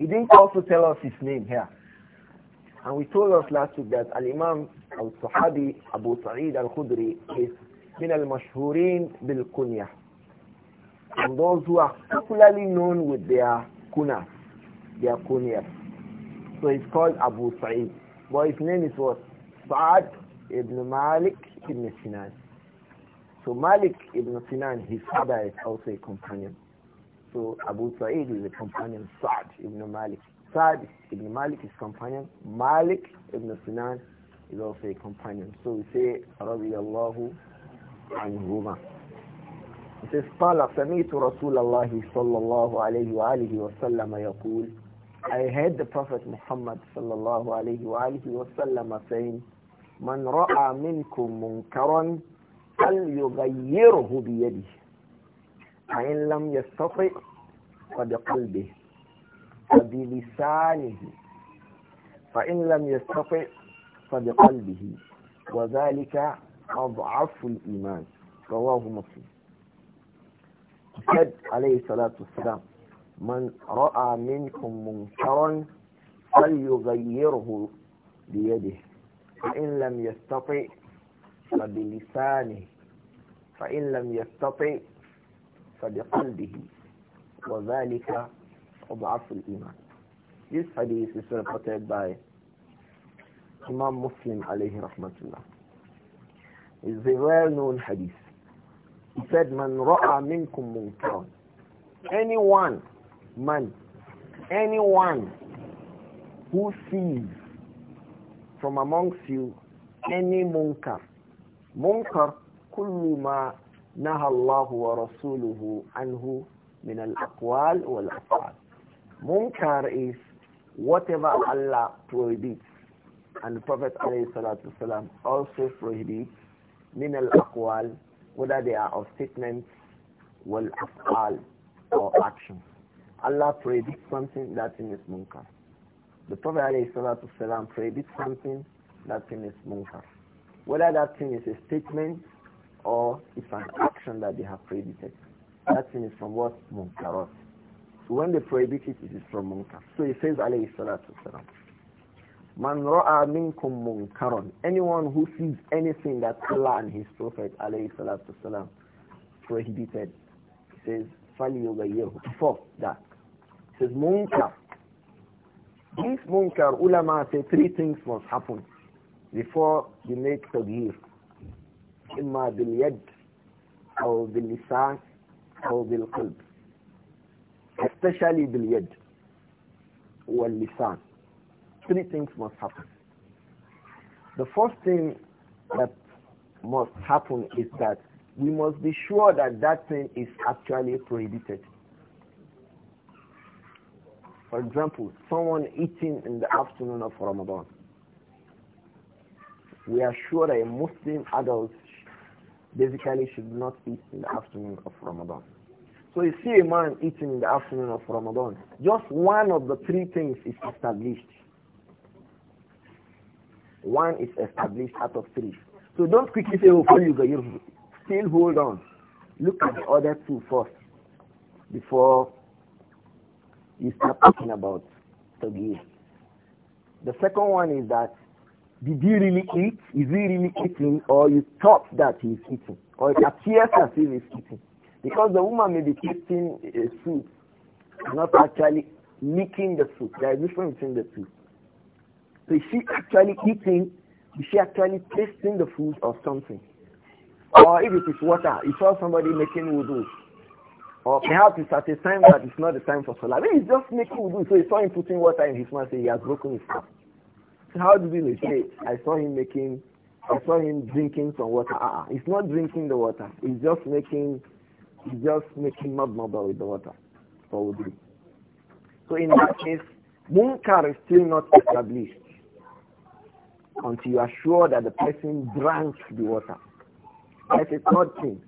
He didn't also tell us his name here. And we told us last week that Al-Imam Al-Sahabi Abu Sa'id Al-Khudri is min al-mashhurin bil-kunya. And those who are popularly known with their kunas, their kunyas. So he's called Abu Sa'id. But his name is what? Sa'ad ibn Malik ibn Sinan. So Malik ibn Sinan, his father is also a companion. So Abu Sa'id is a companion, Sa'd ibn Malik. Sa'd ibn Malik is companion. Malik ibn Sinan is also a companion. So we say, radiyallahu anhuma. He says, قال سمعت رسول الله صلى الله عليه وآله وسلم يقول I heard the Prophet Muhammad صلى الله عليه وآله وسلم saying من رأى منكم منكرا فليغيره بيده فإن لم يستطع فبقلبه فبلسانه فإن لم يستطع فبقلبه وذلك أضعف الإيمان رواه مسلم قد عليه الصلاة والسلام من رأى منكم منكرا فليغيره بيده فإن لم يستطع فبلسانه فإن لم يستطع فبقلبه وذلك أضعف الإيمان This hadith is reported by Imam Muslim رحمة الله. It's a well-known hadith. He said, Man ra'a minkum munkaran. Anyone, man, anyone who sees from amongst you any munkar. Munkar, kullu ma wa نهى الله ورسوله عنه من الأقوال والأفعال Munkar is whatever Allah prohibits and the Prophet والسلام, also prohibits min al aqwal whether they are of statements wal af'al or action. Allah prohibits something that in is munkar. The Prophet والسلام, prohibits something that in is munkar. Whether that thing is a statement or it's an action that they have prohibited. That thing is from what? Munkarat. So when they prohibit it, it is from munkar. So he says, alayhi salatu salam, Man ra'a minkum munkaran. Anyone who sees anything that Allah and His Prophet, alayhi salatu salam, prohibited, he says, فَلْيُغَيِّرْهُ Before that, he says, munkar. This munkar, ulama say three things must happen before you make tabir إما باليد أو باللسان أو بالقلب especially باليد واللسان three things must happen the first thing that must happen is that we must be sure that that thing is actually prohibited for example someone eating in the afternoon of Ramadan we are sure a Muslim adult basically should not eat in the afternoon of Ramadan. So you see a man eating in the afternoon of Ramadan, just one of the three things is established. One is established out of three. So don't quickly say, oh, you go, you still hold on. Look at the other two first before you start talking about Togir. The second one is that did he really eat? Is he really eating? Or you thought that he's eating? Or it appears as if he's eating? Because the woman may be tasting a soup, not actually licking the soup. There is a difference between the two. So is she actually eating? Is she actually tasting the food or something? Or if it is water, you saw somebody making wudu. Or perhaps it's at a time that it's not the time for salah. I mean, he's just making wudu, so you saw him putting water in his mouth, so he has broken his fast how do we say, I saw him making, I saw him drinking some water. Uh, ah, uh ah, It's not drinking the water. It's just making, it's just making madmada with the water. So, so in that case, munkar is still not established until you are sure that the person drank the water. That's the third thing.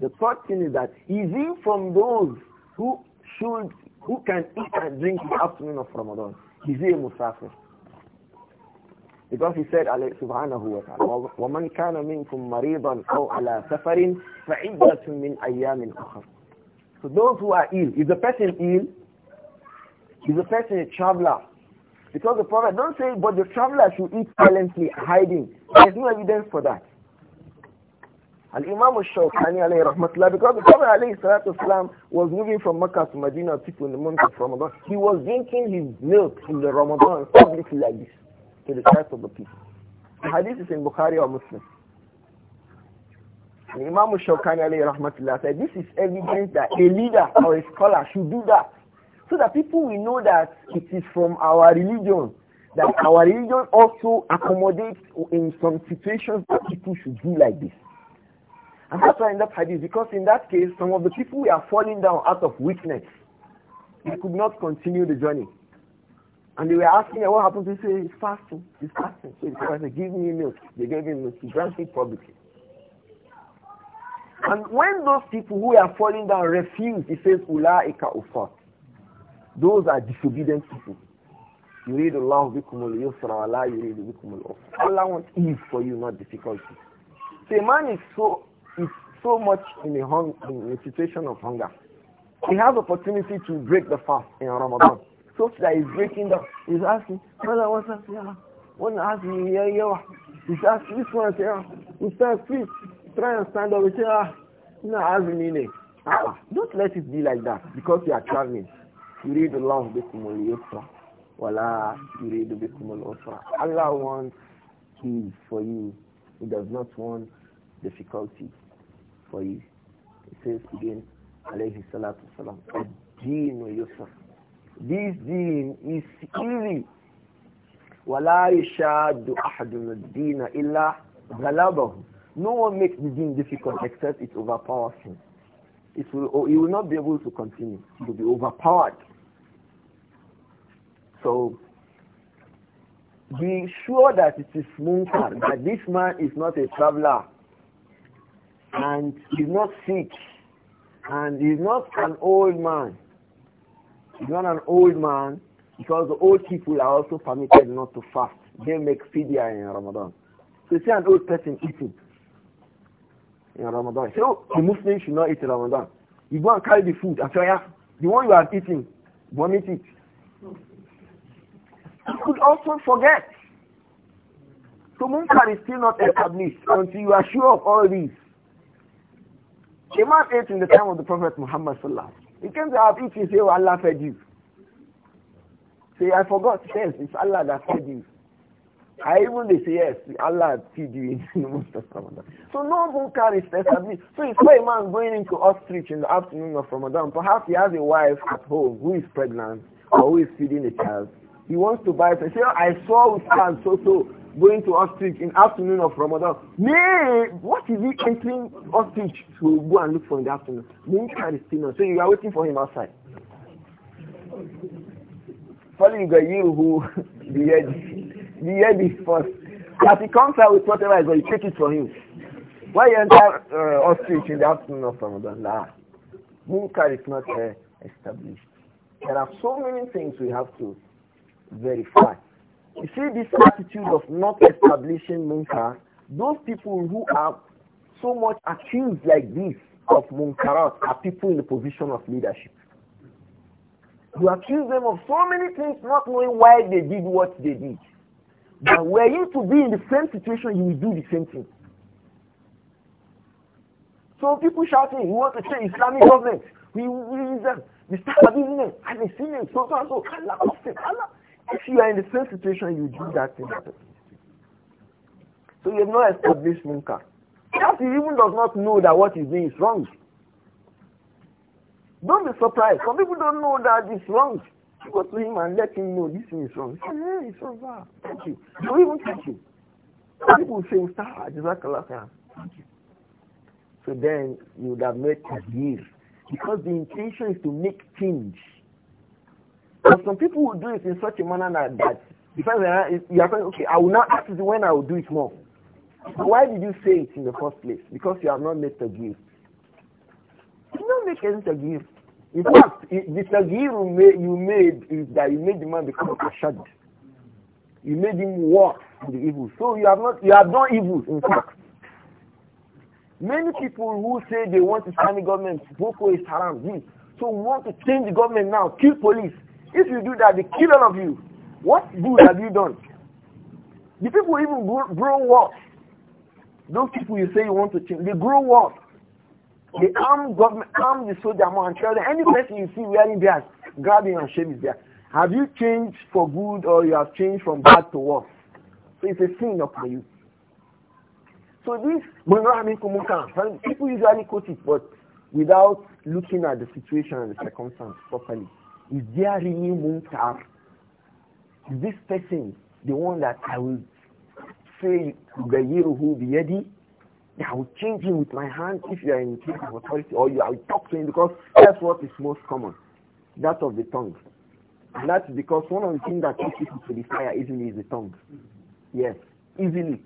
The third thing is that easy from those who should, who can eat and drink the afternoon of Ramadan. He's a musafir. Because he said, subhanahu wa ta'ala, وَمَنْ كَانَ مِنْكُمْ مَرِيضًا أَوْ عَلَى سَفَرٍ فَعِدَّةٌ مِنْ أَيَّامٍ أُخَرٍ So those who are ill, is the person ill? Is the person a traveler? Because the Prophet don't say, but the traveler should eat silently, hiding. There's no evidence for that. And Imam al-Shawqani alayhi rahmatullah, because the Prophet alayhi salatu wasalam was moving from Mecca to Medina people in the month of Ramadan, he was drinking his milk in the Ramadan publicly like this to the sight of the people. The hadith is in Bukhari or Muslim. And Imam Shawkani alayhi rahmatullah said, this is evidence that a leader or a scholar should do that. So that people will know that it is from our religion, that our religion also accommodates in some situations that people should do like this. And that's why in that hadith, because in that case, some of the people were falling down out of weakness. They could not continue the journey. And they were asking what happened He said, he's fasting, he's fasting. So he said, give me milk. They gave him milk. He drank it publicly. And when those people who are falling down refuse, he says, Ula'ika ufat. Those are disobedient people. You read Allah bikumul yusra wa you read bikumul Allah wants ease for you, not difficulty. So a man is so, is so much in a, hung, in a situation of hunger. He has opportunity to break the fast in Ramadan such that is breaking down. He's asking, brother, what's up? Yeah. One asks me, yeah, yeah. He's asking, this one, yeah. Instead, please, try and stand up. He says, ah, no, as a minute. Ah, don't let it be like that because you are traveling. You read Allah bikum al-yusra. Wala yuridu bikum al-usra. Allah wants peace for you. He does not want difficulty for you. He says again, alayhi salatu salam, ad-deen yusra. This deen is easy. وَلَا يُشَادُ أَحَدٌ الدِّينَ إِلَّا غَلَبَهُ No one makes the deen difficult except it overpowers him. It will, oh, he will not be able to continue. He will be overpowered. So be sure that it is munkar, that this man is not a traveler and is not sick and is not an old man He's not an old man because the old people are also permitted not to fast. They make fidya in Ramadan. So you see an old person eating in Ramadan. So oh, the Muslim should not eat in Ramadan. You go and carry the food and say, yeah, the one you are eating, vomit it. You could also forget. So Munkar is still not established until you are sure of all these. A man ate in the time of the Prophet Muhammad Sallallahu he can be have if say, oh, Allah fed you. Say, I forgot. Yes, it's Allah that fed you. I even they say, yes, Allah feed you in most of Ramadan. So no munkar is established. So it's why a man going into ostrich in the afternoon of Ramadan, perhaps he has a wife at home who is pregnant or who is feeding the child. He wants to buy, say, oh, I saw with so-so going to ostrich in afternoon of Ramadan. Nay, what is he entering ostrich to go and look for in the afternoon? Munkar is still not. So you are waiting for him outside. the head is first. As he comes out with whatever is going, you take it from him. Why you enter uh, ostrich in the afternoon of Ramadan? Nah. Munkar is not uh, established. There are so many things we have to verify. You see this attitude of not establishing munkar, those people who are so much accused like this of munkarat are people in the position of leadership. You accuse them of so many things not knowing why they did what they did. But were you to be in the same situation, you will do the same thing. So people shouting, we want to change Islamic government. We will use them. Mr. Abidin, I'm a senior, so so and so. Allah, Allah. If you are in the same situation, you do that thing. So you have not established munkar. Perhaps he even does not know that what he's doing is wrong. Don't be surprised. Some people don't know that it's wrong. You go to him and let him know this thing is wrong. He says, hey, eh, it's wrong. Ah, thank you. They will even thank you. People will say, Ustaz, ah, Jazakallah khair. Thank you. So then you would have made a deal. Because the intention is to make change. But some people will do it in such a manner that, that because you are saying, okay, I will not ask you when I will do it more. why did you say it in the first place? Because you have not made the gift. You not make any gift. In fact, the gift you made is that you made the man become shad. You made him walk in the evil. So you have not you have done evil. In fact, many people who say they want the government, Boko for haram. This. Hmm. So we want to change the government now. Kill police. If you do that, they kill all of you. What good have you done? The people even grow, up. Those people you say you want to change, they grow up. They arm government, arm the soldier more and tell them any person you see wearing theirs, grabbing and shame is there. Have you changed for good or you have changed from bad to worse? So it's a sin upon you. So this people usually quote it, but without looking at the situation and the circumstance properly. Is there really Muntar? Is this person the one that I will say be Biyadi? I will change him with my hand if you are in case of authority or you I will talk to him because that's what is most common. That of the tongue. And that's because one of the things that takes people to the fire easily is the tongue. Yes, easily.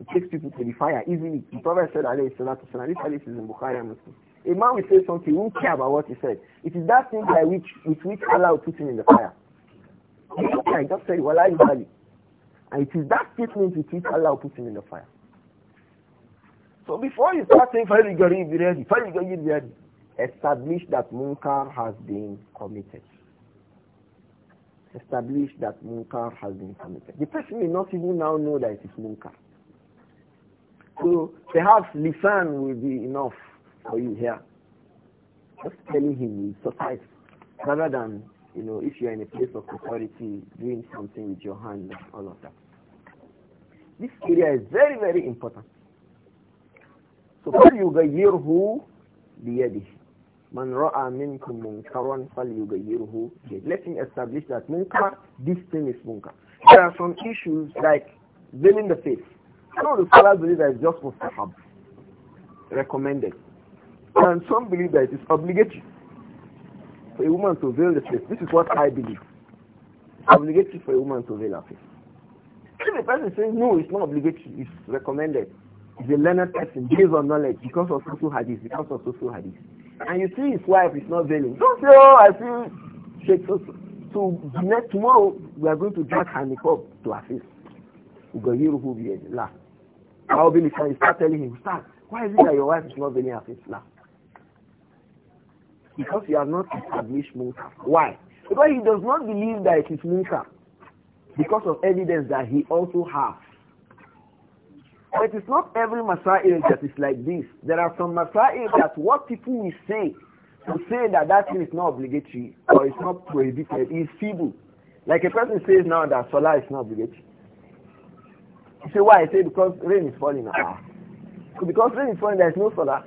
It takes people to the fire easily. The Prophet said, alayhi salatu salam, this is in Bukhari and Muslim. A man will say something, he won't care about what he said. It is that thing by which, with which Allah will put him in the fire. I just said, Wallahi Bali. And it is that statement with which Allah will put him in the fire. So before you start saying, Fari Gari, be ready, Fari Gari, be ready, establish that Munkar has been committed. Establish that Munkar has been committed. The person may not even now know that it is Munkar. So perhaps Lisan will be enough for you here. Just telling him will suffice rather than, you know, if you're in a place of authority, doing something with your hand and all of that. This area is very, very important. So فَلْيُغَيِّرْهُ بِيَدِهِ من رأى منكم منكرا فليغيره بيده. Let me establish that munkar, this thing is munkar. There are some issues like veiling the face. Some of the scholars believe that it's just mustahab, recommended. And some believe that it is obligatory for a woman to veil the face. This is what I believe. It's obligatory for a woman to veil her face. If a person says, no, it's not obligatory, it's recommended. It's a learned person based on knowledge because of social hadith, because of social hadith. And you see his wife is not veiling. Don't say, oh, I feel shake so, so next tomorrow we are going to drag her niqab to her face. Ugayiruhu bi Allah. How Billy can start telling him, start. Why is it that your wife is not veiling her face? Now. Because he has not established munkar. Why? Because he does not believe that it is munkar. Because of evidence that he also has. But it's not every masail that is like this. There are some masail that what people will say to say that that thing is not obligatory or it's not prohibited is feeble. Like a person says now that solar is not obligatory. You say why? I say because rain is falling. Ah. Because rain is falling, there is no solar.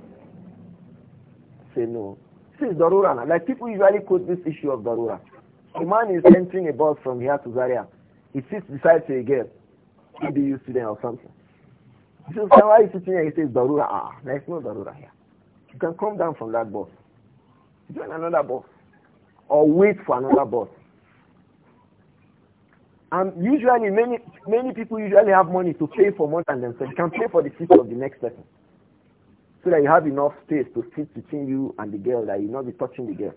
Say no. This is Darura. Like people usually quote this issue of Darura. A man is entering a bus from here to Zaria. He sits beside a girl, maybe a student or something. So why you sitting here? He says Darura. Ah, there's no Darura here. You can come down from that bus. Join another bus. Or wait for another bus. And usually many many people usually have money to pay for more than themselves. They can pay for the seat of the next person so that you have enough space to sit between you and the girl that you not be touching the girl.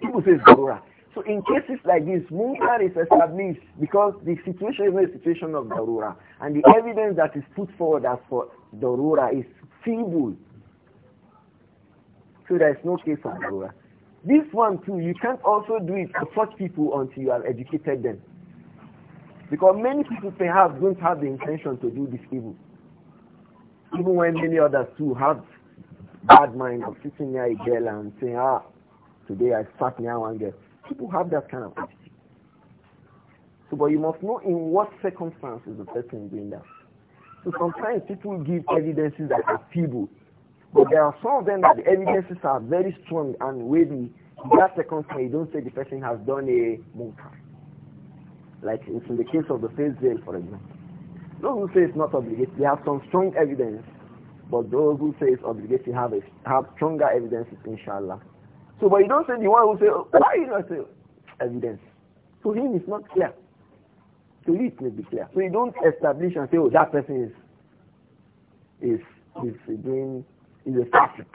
People say darura. So in cases like this, munkar is established because the situation is not a situation of darura, and the evidence that is put forward as for darura is feeble. So there is no case of darura. This one too, you can't also do it to touch people until you have educated them. Because many people perhaps don't have the intention to do this evil. Even when many others too have bad mind of sitting near a girl and saying, ah, today I sat near one girl. People have that kind of attitude. So, but you must know in what circumstances the person is doing that. So sometimes people give evidences that are feeble. But there are some of them that the evidences are very strong and weighty. In that circumstance, you don't say the person has done a munkar. Like it's in the case of the faith zeal, for example. Those who say it's not obligatory have some strong evidence, but those who say it's obligatory have a, have stronger evidences, inshallah. So, but you don't say the one who say, oh, why you not say evidence? To him, it's not clear. To you, it may be clear. So you don't establish and say, oh, that person is is is doing is a traffic.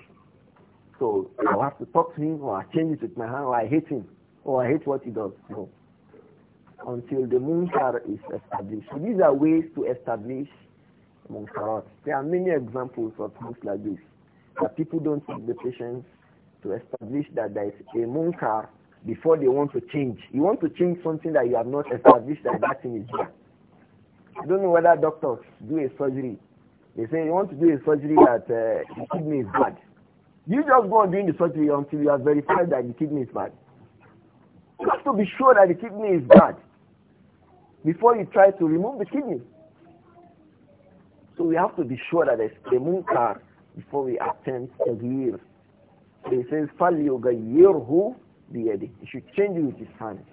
So I'll have to talk to him, or I change it with my hand, or I hate him, or I hate what he does. No until the munkar is established. So these are ways to establish munkarat. There are many examples of things like this that people don't take the patience to establish that there is a munkar before they want to change. You want to change something that you have not established that that thing is there. I don't know whether doctors do a surgery. They say you want to do a surgery that uh, the kidney is bad. You just go on doing the surgery until you are verified that the kidney is bad. You have to be sure that the kidney is bad before you try to remove the kidney. So we have to be sure that there's a munkar before we attempt to give. So he says, فَلْيُغَيِّرْهُ بِيَدِهِ He should change it with his hands.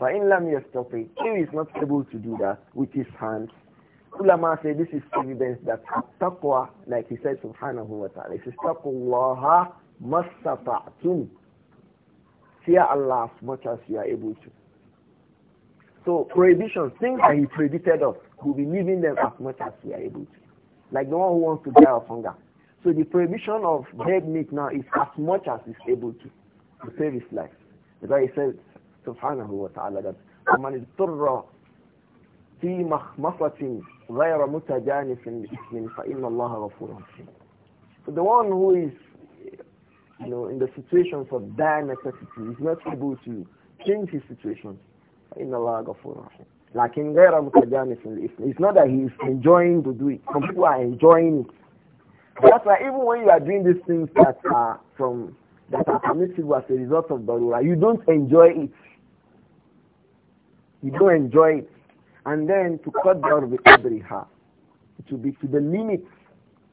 فَإِنْ لَمْ يَسْتَطِعْ If he is not able to do that with his hands, ulama say this is evidence that taqwa, like he said, subhanahu wa ta'ala, He says, تَقُوا اللَّهَ مَسْتَطَعْتُمْ Fear Allah as much as you are able to. So prohibitions, things that he prohibited us, we'll be leaving them as much as we are able to. Like the one who wants to die of hunger. So the prohibition of dead meat now is as much as he's able to to save his life. Because he said, subhanahu wa ta'ala, that وَمَنِ اضْطُرَّ فِي مَخْمَصَةٍ غَيْرَ مُتَجَانِفٍ بِإِثْمٍ فَإِنَّ اللَّهَ غَفُورٌ So the one who is you know, in the situation of dire necessity is not able to change his situation like in غَفُورٌ رَحِيمٌ لكن غير متجانس للإثم It's not that he's enjoying to do it. Some people are enjoying it. That's why even when you are doing these things that are from that are permissible as a result of Darura, you don't enjoy it. You don't enjoy it. And then to cut down the Qadriha, it will be to the limit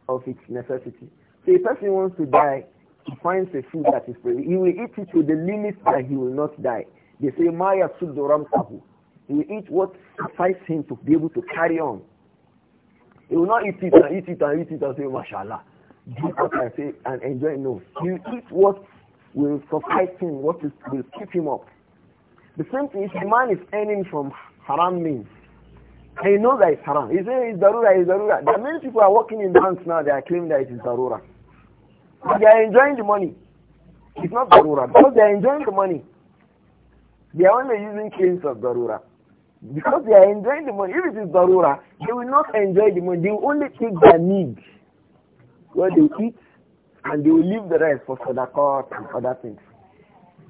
of its necessity. So a person wants to die, he finds a food that is free. He will eat it to the limit that he will not die. They say, Maya Sudoramtahu. He will eat what suffices him to be able to carry on. He will not eat it and eat it and eat it and say, mashallah, Do what I say and enjoy. No. He will eat what will suffice him, what is, will keep him up. The same thing, is a man is earning from haram means, and he knows that it's haram, he says it's darura, it's darura. There are many people are working in banks now, they are claiming that it is darura. But they are enjoying the money. It's not darura, because they are enjoying the money. They are only using claims of Darura. Because they are enjoying the money. If it is Darura, they will not enjoy the money. They will only take their needs. What they eat, and they will leave the rest for Sadaqah and other things.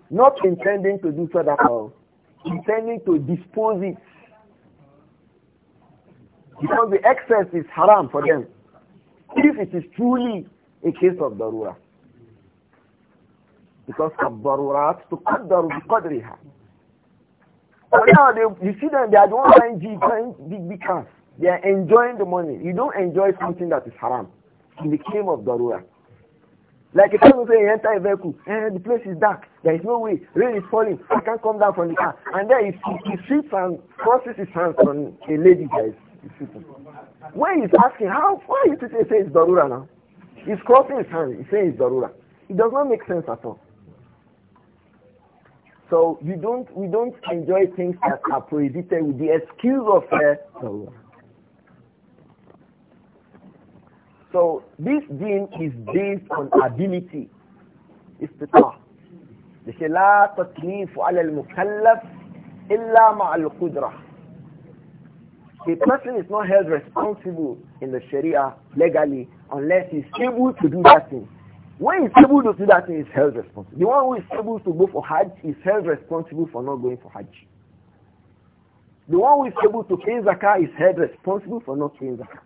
Not intending to do Sadaqah, intending to dispose it. Because the excess is haram for them. If it is truly a case of Darura. Because of Darura, to Qaddaru bi Qadriha. But now they, you see them, they are doing one big, big cars. They are enjoying the money. You don't enjoy something that is haram in the name of Darura. Like a person say you enter a vehicle, and eh, the place is dark, there is no way, rain is falling, I can't come down from the car. And then he, sits and crosses his hands on a lady that is When he's asking, how why you to say it's Darura now? He's crossing his hands, he's saying it's Darura. It does not make sense at all. So you don't, we don't enjoy things that are prohibited with the excuse of uh, So this deen is based on ability. It's the thought. They say, لا تكليف على المكلف إلا مع القدرة. A person is not held responsible in the Sharia legally unless he's able to do that thing one is able to do that thing, is held responsible. The one who is able to go for Hajj is held responsible for not going for Hajj. The one who is able to pay zakah is held responsible for not paying zakah.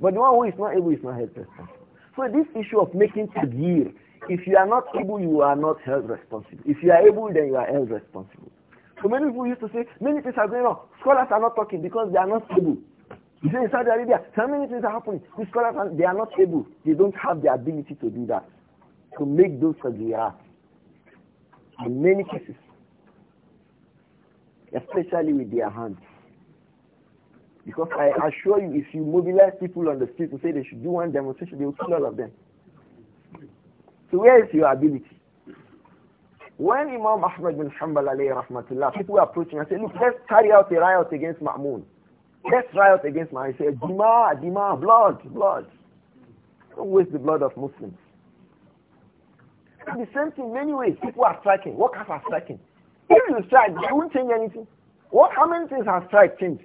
But the one who is not able is not held responsible. So this issue of making tadhir, if you are not able, you are not held responsible. If you are able, then you are held responsible. So many people used to say, many things are going on. Scholars are not talking because they are not able. You see, in Saudi Arabia, so many things are happening. These scholars, are, they are not able. They don't have the ability to do that to make those sajiyah. In many cases, especially with their hands. Because I assure you, if you mobilize people on the street to say they should do one demonstration, they will kill all of them. So where is your ability? When Imam Ahmad bin Hanbal alayhi rahmatullah, people were approaching and said, look, let's carry out a riot against Ma'mun. Let's riot against Ma'mun. He said, Dima, Dima, blood, blood. Don't waste the blood of Muslims. The same thing, many ways. People are striking. Workers are striking. If you strike, they won't change anything. What, how many things have strike changed?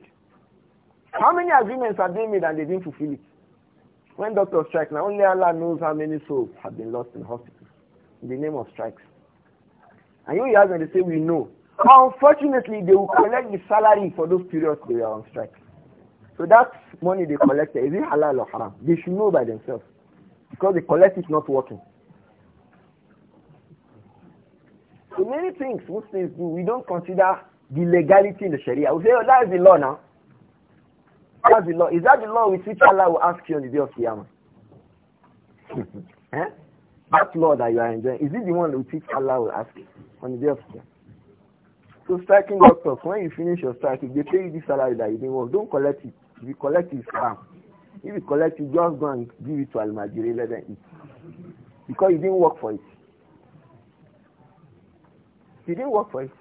How many agreements have they made and they didn't fulfill it? When doctors strike, now only Allah knows how many souls have been lost in hospitals in the name of strikes. And you hear when they say, we know. Unfortunately, they will collect the salary for those periods they are on strike. So that money they collected, is it halal or haram? They should know by themselves. Because the collect is not working. So many things Muslims do, we don't consider the legality in the Sharia. We say, oh, that is the law now. That's the law. Is that the law with which Allah will ask you on the day of Qiyamah? eh? That law that you are enjoying, is it the one with which Allah will ask you on the day of Qiyamah? So striking doctors, when you finish your strike, if they pay you this salary that you didn't work, don't collect it. If you collect it, it's If you collect it, just go and give it to Al-Majiri, let them eat. Because you didn't work for it. You didn't work for it.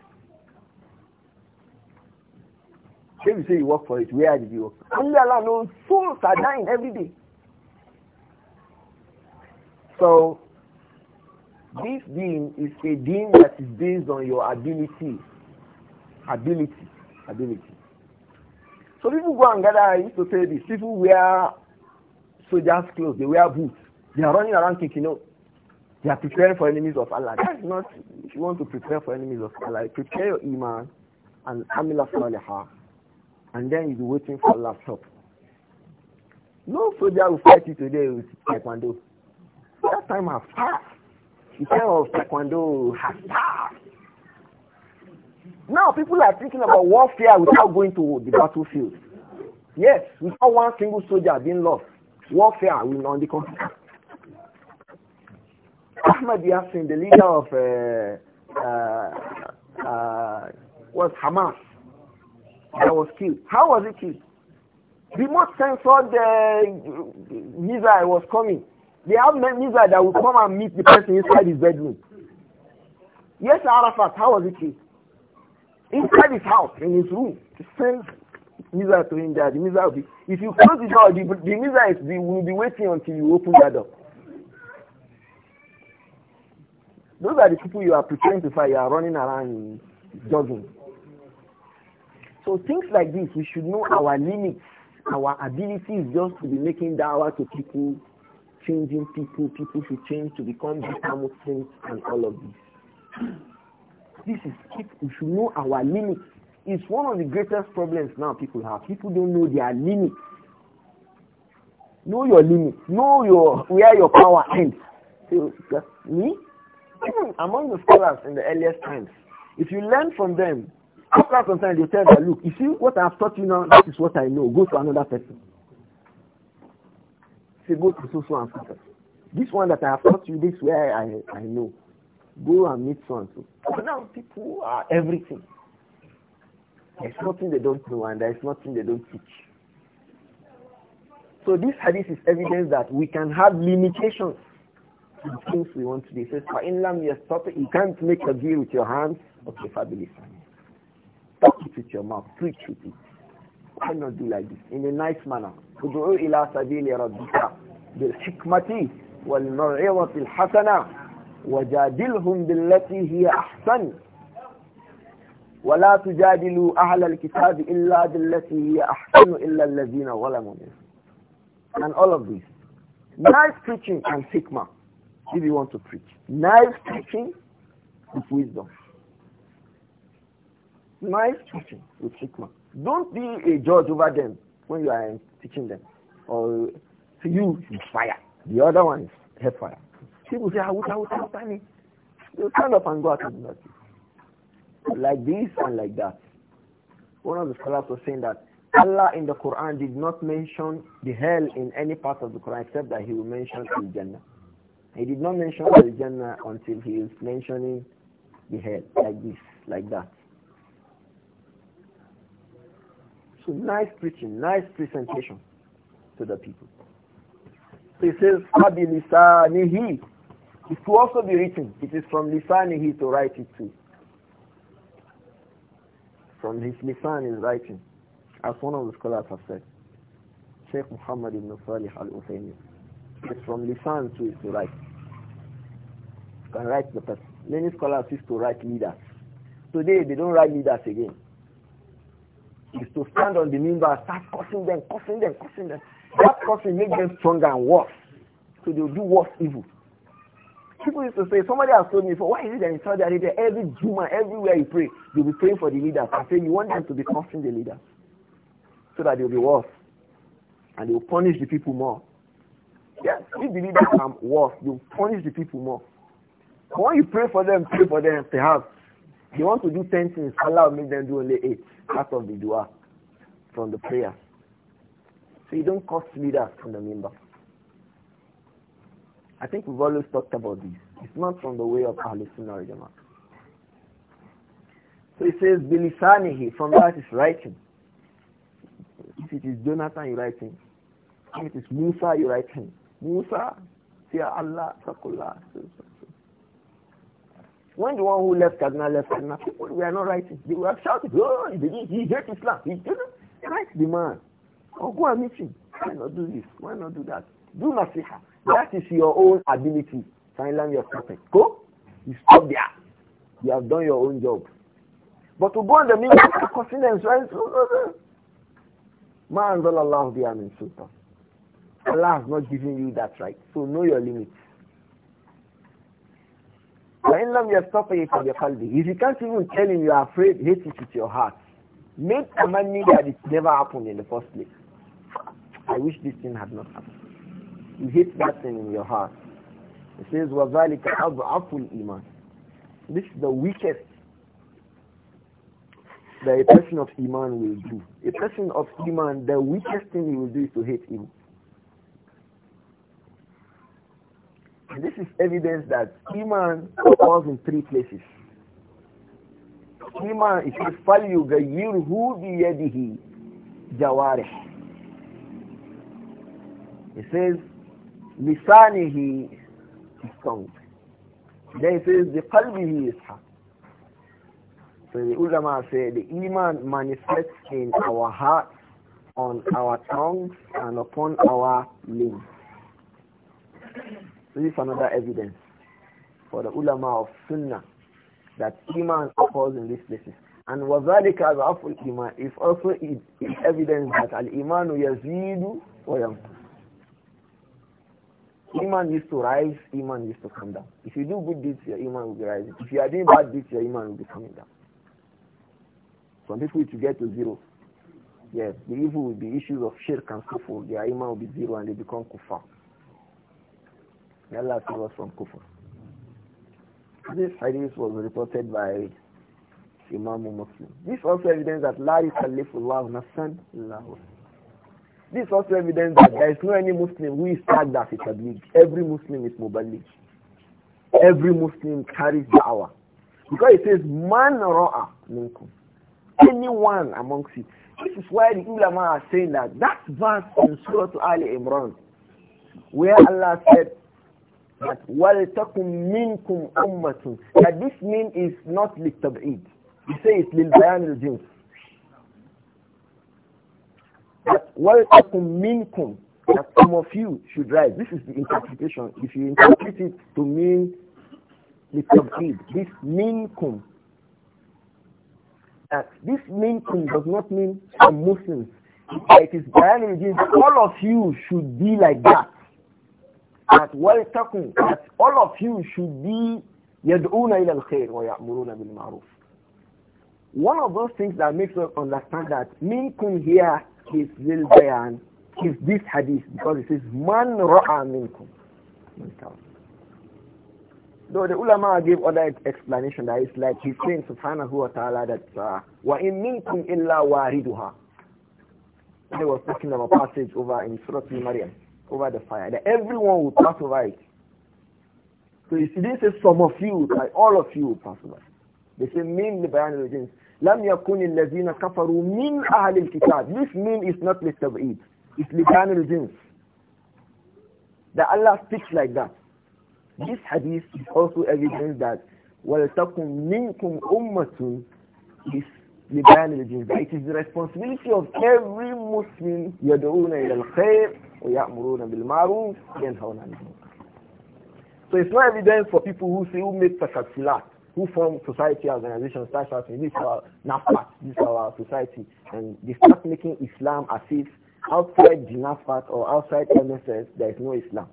If you say you work for it, where did you work? Only Allah knows souls are dying every day. So, this deen is a deen that is based on your ability. Ability. Ability. So people go and gather, I used to say this, people wear soldiers' clothes, they wear boots. They are running around kicking out. They are preparing for enemies of Allah. That's not, if you want to prepare for enemies of Allah, prepare your iman and amila salihah, and then you'll be waiting for Allah's help. No soldier will fight you today with taekwondo. That time has passed. The time of taekwondo has passed. Now people are thinking about warfare without going to the battlefield. Yes, without one single soldier being lost, warfare will not be complete. Ahmad Yassin, the leader of uh, uh, uh, was Hamas, that was killed. How was he killed? Remote sensor the uh, missile was coming. They have missile that will come and meet the person inside his bedroom. Yes, Arafat, how was it killed? Inside his house, in his room, to send missile to him there. The missile will be, if you close the door, the, the missile will be waiting until you open that door. Those are the people you are pretending to fight, you are running around jogging. So things like this, we should know our limits, our ability is just to be making dawah to people, changing people, people should change to become better Muslims and all of this. This is it. We should know our limits. It's one of the greatest problems now people have. People don't know their limits. Know your limits. Know your where your power ends. So, me, even among the scholars in the earliest times, if you learn from them, after some they tell you, look, you see what I've taught you now, that is what I know. Go to another person. Say, go to so so and so. This one that I have taught you, this way I, I know. Go and meet so and so. now people are everything. There's nothing they don't know and there's nothing they don't teach. So this hadith is evidence that we can have limitations things we want to do. first. says, فَإِنْ لَمْ You can't make a deal with your hands. Okay, fabulous. Talk it with your mouth. Preach with it. Why not do like this? In a nice manner. ادعو إلى سبيل ربك بالحكمة والموعظة الحسنة وجادلهم بالتي هي أحسن ولا تجادلوا أهل الكتاب إلا بالتي هي أحسن إلا الذين ظلموا and all of this nice preaching and hikmah if you want to preach. Nice preaching with wisdom. Nice teaching with shikma. Don't be a judge over them when you are teaching them. Or you is fire. The other one is hellfire. People say, I ah, Awuta, Awuta, They'll stand up and go out and do Like this and like that. One of the scholars was saying that Allah in the Quran did not mention the hell in any part of the Quran except that he will mention the Jannah. He did not mention Al-Jannah until he was mentioning the head, like this, like that. So nice preaching, nice presentation to the people. So he says, Fabi lisanihi. It will also be written. It is from lisanihi to write it too. From his lisan is writing, as one of the scholars have said. Sheikh Muhammad ibn Salih al-Uthaymeen. It's from Lisan to, to write. You can write the person. Many scholars used to write leaders. Today they don't write leaders again. Is to stand on the member start cursing them, cursing them, cursing them. That cursing makes them stronger and worse. So they'll do worse evil. People used to say, somebody has told me, for why is it that in Saudi Arabia, every Juma, everywhere you pray, you'll be praying for the leaders. I say, you want them to be cursing the leaders so that they'll be worse. And they'll punish the people more. Yes, if that I'm worse, you punish the people more. But when you pray for them, pray for them, perhaps they want to do 10 things, Allah will make them do only 8 out of the dua from the prayer. So you don't cost leaders from the member. I think we've always talked about this. It's not from the way of Ahlul Sunnah al Jama'ah. So it says, Bilisanihi, from that is writing. If it is Jonathan, you writing, him. If it is Musa, you write him. Musa, fear Allah, Takullah. When the one who left Kaduna left Kaduna, people were not right. They were shouting, oh, he, he hates Islam. He didn't write the man. Or oh, go and meet him. Why not do this? Why not do that? Do nasiha. That is your own ability. Finally, your prophet. Go. You stop there. You have done your own job. But to go on the meaning of confidence, right? Man, Allah, be amin sultan. Allah has not given you that right. So know your limits. وَإِنْ لَمْ يَسْتَطِعِ فَبِقَلْبِهِ If you can't even tell him you are afraid, hate it with your heart. Make a money that it never happened in the first place. I wish this thing had not happened. You hate that thing in your heart. It says, وَذَلِكَ أَضْعَفُ الْإِيمَانِ This is the weakest that a person of Iman will do. A person of Iman, the weakest thing he will do is to hate evil. This is evidence that Iman falls in three places. Iman is فَلْيُغَيِّرْهُ yadihi جَوَارِحِ It says, لِسَانِهِ his tongue. Then it says, the his heart. So the ulama say the iman manifests in our hearts, on our tongues, and upon our limbs. So this is another evidence for the ulama of Sunnah that iman occurs in these places. And وَذَلِكَ أَضْعَفُ iman is also evidence that al-iman yazidu wa Iman used to rise, iman used to come down. If you do good deeds, your iman will be rising. If you are doing bad deeds, your iman will be coming down. Some people to get to zero. Yes, the evil will be issues of shirk and kufur. Their iman will be zero and they become kufar. May Allah save us from kufr. This hadith was reported by Imam Muslim. This also evidence that La yukallifullahu nafsan illa This also evidence that there is no any Muslim who is tagged as a tabligh. Every Muslim is muballigh. Every Muslim carries da'wah. Because it says, man ra'a minkum. Anyone amongst you. This is why the ulama are saying that that verse in Surah Al Imran, where Allah said, that وَلْتَكُمْ مِنْكُمْ ummatun That this mean is not لِلتَبْعِيد. You say it's لِلْبَيَانِ jins. That وَلْتَكُمْ مِنْكُمْ That some of you should rise. This is the interpretation. If you interpret it to mean لِلتَبْعِيد, this مِنْكُمْ that this minkum does not mean some Muslims. It is Bayan all of you should be like that. That وَلْتَكُمْ That all of you should be يَدْعُونَ إِلَى الْخَيْرِ bil بِالْمَعْرُوفِ One of those things that makes us understand that minkum here is real bayan is this hadith because it says man ra'a minkum. Though the ulama gave other explanation that it's like he's saying subhanahu wa ta'ala that uh, wa in minkum illa wariduha. They was talking about passage over in Surah Al-Maryam over the fire, that everyone will pass over it. So you see, this say some of you, like all of you will pass over They say, min the al-jins. Lam yakuni allazina kafaru min ahli kitab This min is not eat. It's libayan al-jins. That Allah speaks like that. This hadith is also evidence that وَلْتَكُمْ مِنْكُمْ أُمَّةٌ is libayan al-jins. It is the responsibility of every Muslim يَدْعُونَ إِلَى الْخَيْرِ وَيَأْمُرُونَ بِالْمَعْرُوفِ عَنِ So it's not evident for people who say, who make takatilat, who form society organizations, such as this is our NAFAT, this is our society, and they start making Islam as if outside the NAFAT or outside MSS, there is no Islam.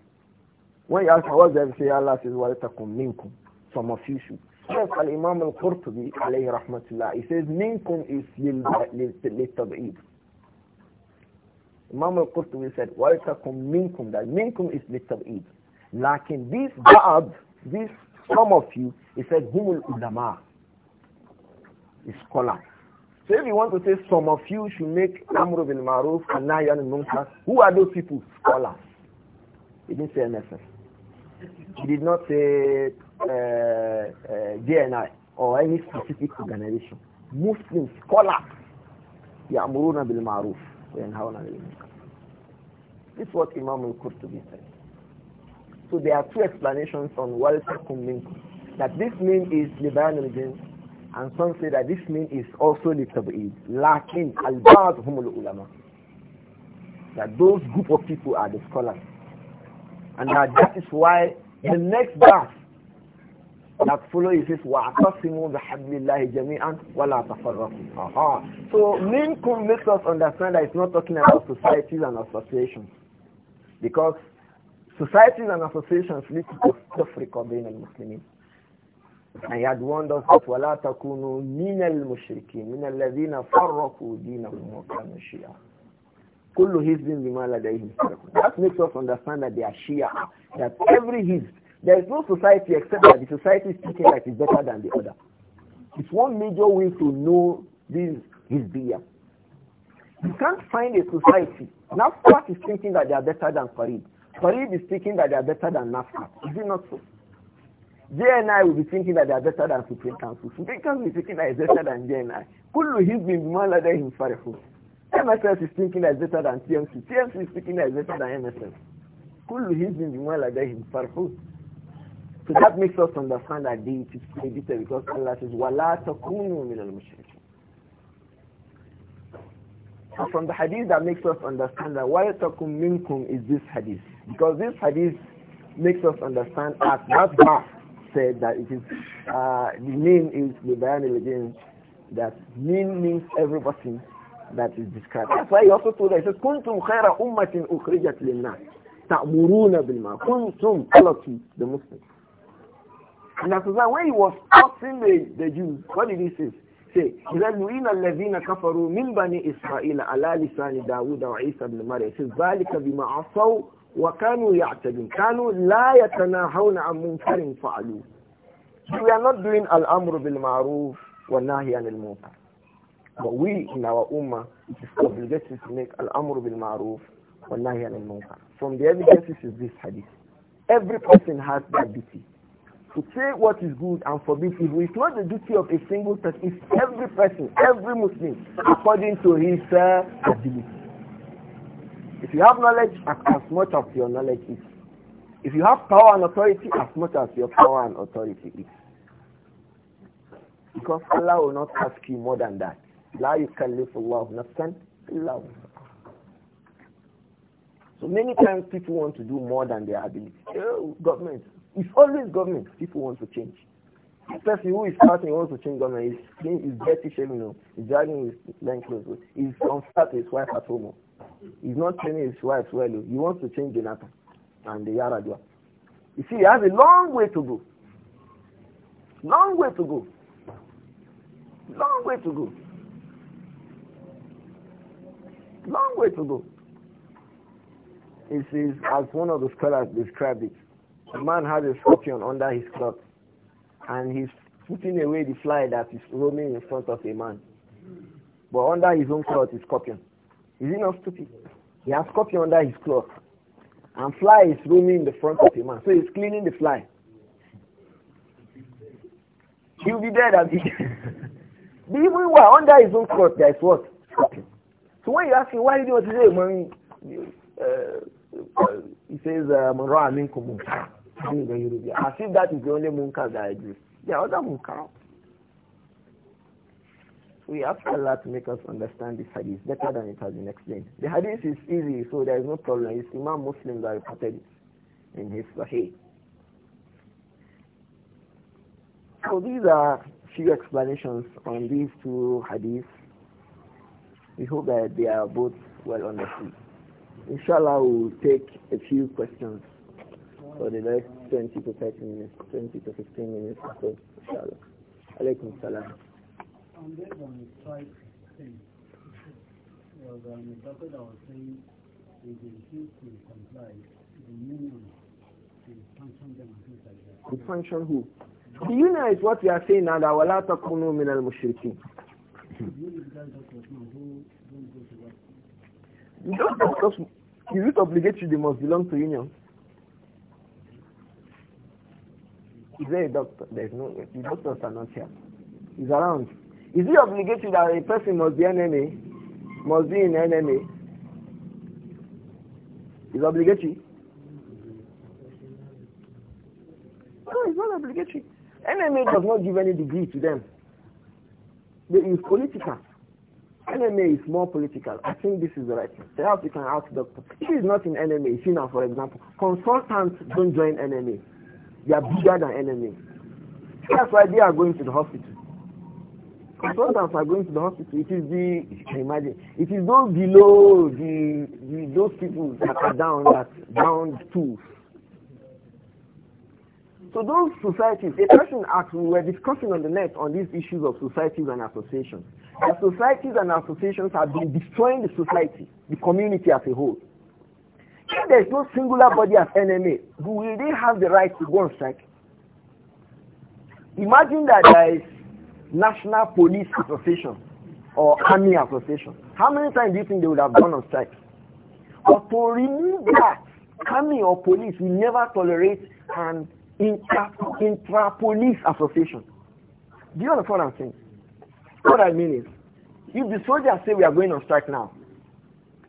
When you ask does that, say Allah says, وَلَتَكُمْ مِنْكُمْ Some of you should. Yes, Al-Imam Al-Qurtubi, alayhi rahmatullah, he says, مِنْكُمْ is لِلْتَبْعِيدِ Imam al-Qurtubi said, وَلْتَكُمْ minkum, That minkum is لِلْتَبْعِيد Lakin this ba'ab, this some of you, he said, humul ulama, is scholar. So if you want to say some of you should make Amr bin Maruf and Munkar, who are those people? Scholars. He didn't say NSF. He did not say uh, uh, JNI or any specific organization. Muslim scholars. يأمرون بالمعروف وينهون عن المنكر This is what Imam al-Qurtubi said. So there are two explanations on waltakum minkum. That this min is liban al and some say that this min is also litab'id. Lakin al ba ulama That those group of people are the scholars. And that, that is why the next verse that follow is this wa'tasimu bihablillahi jami'an wa la tafarraqu. Aha. makes us understand that it's not talking about societies and associations. Because societies and associations lead to tafriq in the muslimin And he had warned us that وَلَا تَكُونُوا مِنَ الْمُشْرِكِينَ مِنَ الَّذِينَ فَرَّقُوا دِينَهُمْ وَكَانُوا شِيَعًا كل حزب بما لديهم That makes us understand that they are Shia, that every hizb there is no society except that the society is thinking that is better than the other. It's one major way to know this is beer. You can't find a society. NAFCAT is thinking that they are better than Farid. Farid is thinking that they are better than NAFTA. Is it not so? JNI will be thinking that they are better than Supreme Council. Supreme Council is thinking that it's better than JNI. Kullu Hizbin Biman Ladayhim Farihun. MSS is thinking that it's better than TMC. TMC is thinking that it's better than MSS. Kullu Hizbin Biman than Farihun. So that makes us understand that they is prohibited because Allah says, وَلَا تَكُونُوا مِنَ الْمُشْرِكِينَ so From the hadith that makes us understand that وَيَتَكُمْ مِنْكُمْ is this hadith. Because this hadith makes us understand as that verse said that it is, uh, the name is the Bayan again that mean means every person that is described. That's why he also told us, كنتم خير أمة أخرجت للناس تأمرون بالمعروف كنتم Allah to the Muslims and that's why when he was cursing the, the Jews, what did he say? Say, he said, لُوِينَ الَّذِينَ كَفَرُوا مِنْ بَنِي إِسْرَائِيلَ عَلَى لِسَانِ دَاوُدَ وَعِيسَى بْنِ مَرْيَمَ He says, ذَلِكَ بِمَا عَصَوْا وَكَانُوا يَعْتَدُونَ كَانُوا لَا يَتَنَاهَوْنَ عَنْ مُنْكَرٍ فَعَلُوهُ So we are not doing al-amr bil-ma'ruf wa-nahi anil-munkar. But we in our ummah, it is obligatory to make al-amr bil-ma'ruf wa-nahi anil-munkar. From the evidence is this hadith. Every person has that duty to say what is good and forbid evil is not the duty of a single person, it's every person, every Muslim, according to his uh, ability. If you have knowledge, as much as your knowledge is. If you have power and authority, as much as your power and authority is. Because Allah will not ask you more than that. La yukallifullahu nafsan illa So many times people want to do more than their ability. Oh, government, it's always government. People want to change. Especially who is starting wants to change government is is dirty shaving him, He's dragging his length clothes, is unfat his wife at home. He's not training his wife well. Oh. He wants to change Jonathan and the Yaradua. You see, he has a long way to go. Long way to go. Long way to go. Long way to go. It is as one of the scholars described it. A man has a scorpion under his cloth and he's putting away the fly that is roaming in front of a man. But under his own cloth is scorpion. Is he not stupid? He has scorpion under his cloth. And fly is roaming in the front of a man. So he's cleaning the fly. He'll be dead at the Even while under his own cloth, there is what? Scorpion. So when you ask him, why do you want to say, man, uh, uh, he says, uh, I Gayurubi. As if that is the only munkar that exists. There are other munkar. We ask Allah to make us understand this hadith better than it has been explained. The hadith is easy, so there is no problem. It's Imam Muslim that reported it in his Sahih. So these are few explanations on these two hadiths. We hope that they are both well understood. Inshallah, we'll take a few questions for the next 20 to 30 minutes, 20 to 15 minutes or so, inshallah. Alaykum salam. On this one, um, was saying to comply, the union them and things like that. who? The union is what we are saying now that وَلَا تَكُنُوا مِنَ الْمُشْرِكِينَ You don't, because, is it obligatory they must belong to union? Is there a doctor? There is no. The doctors are not here. He's around. Is it obligatory that a person must be an NMA? Must be in NMA? Is obligatory? No, it's not obligatory. NMA does not give any degree to them. It is political. NMA is more political. I think this is the right thing. Perhaps you can ask doctor. If he is not in NMA, now, for example, consultants don't join NMA. They are bigger than enemies. That's why they are going to the hospital. Consultants are going to the hospital. It is the imagine. It is those below the, the those people that are down that down tools. So those societies, a person asked, we were discussing on the net on these issues of societies and associations. The societies and associations have been destroying the society, the community as a whole. If there is no singular body as enemy, do we they have the right to go on strike? Imagine that there is National Police Association or Army Association. How many times do you think they would have gone on strike? But to remove that, army or police will never tolerate an intra, intra police association. Do you understand what I'm saying? What I mean is, if the soldiers say we are going on strike now,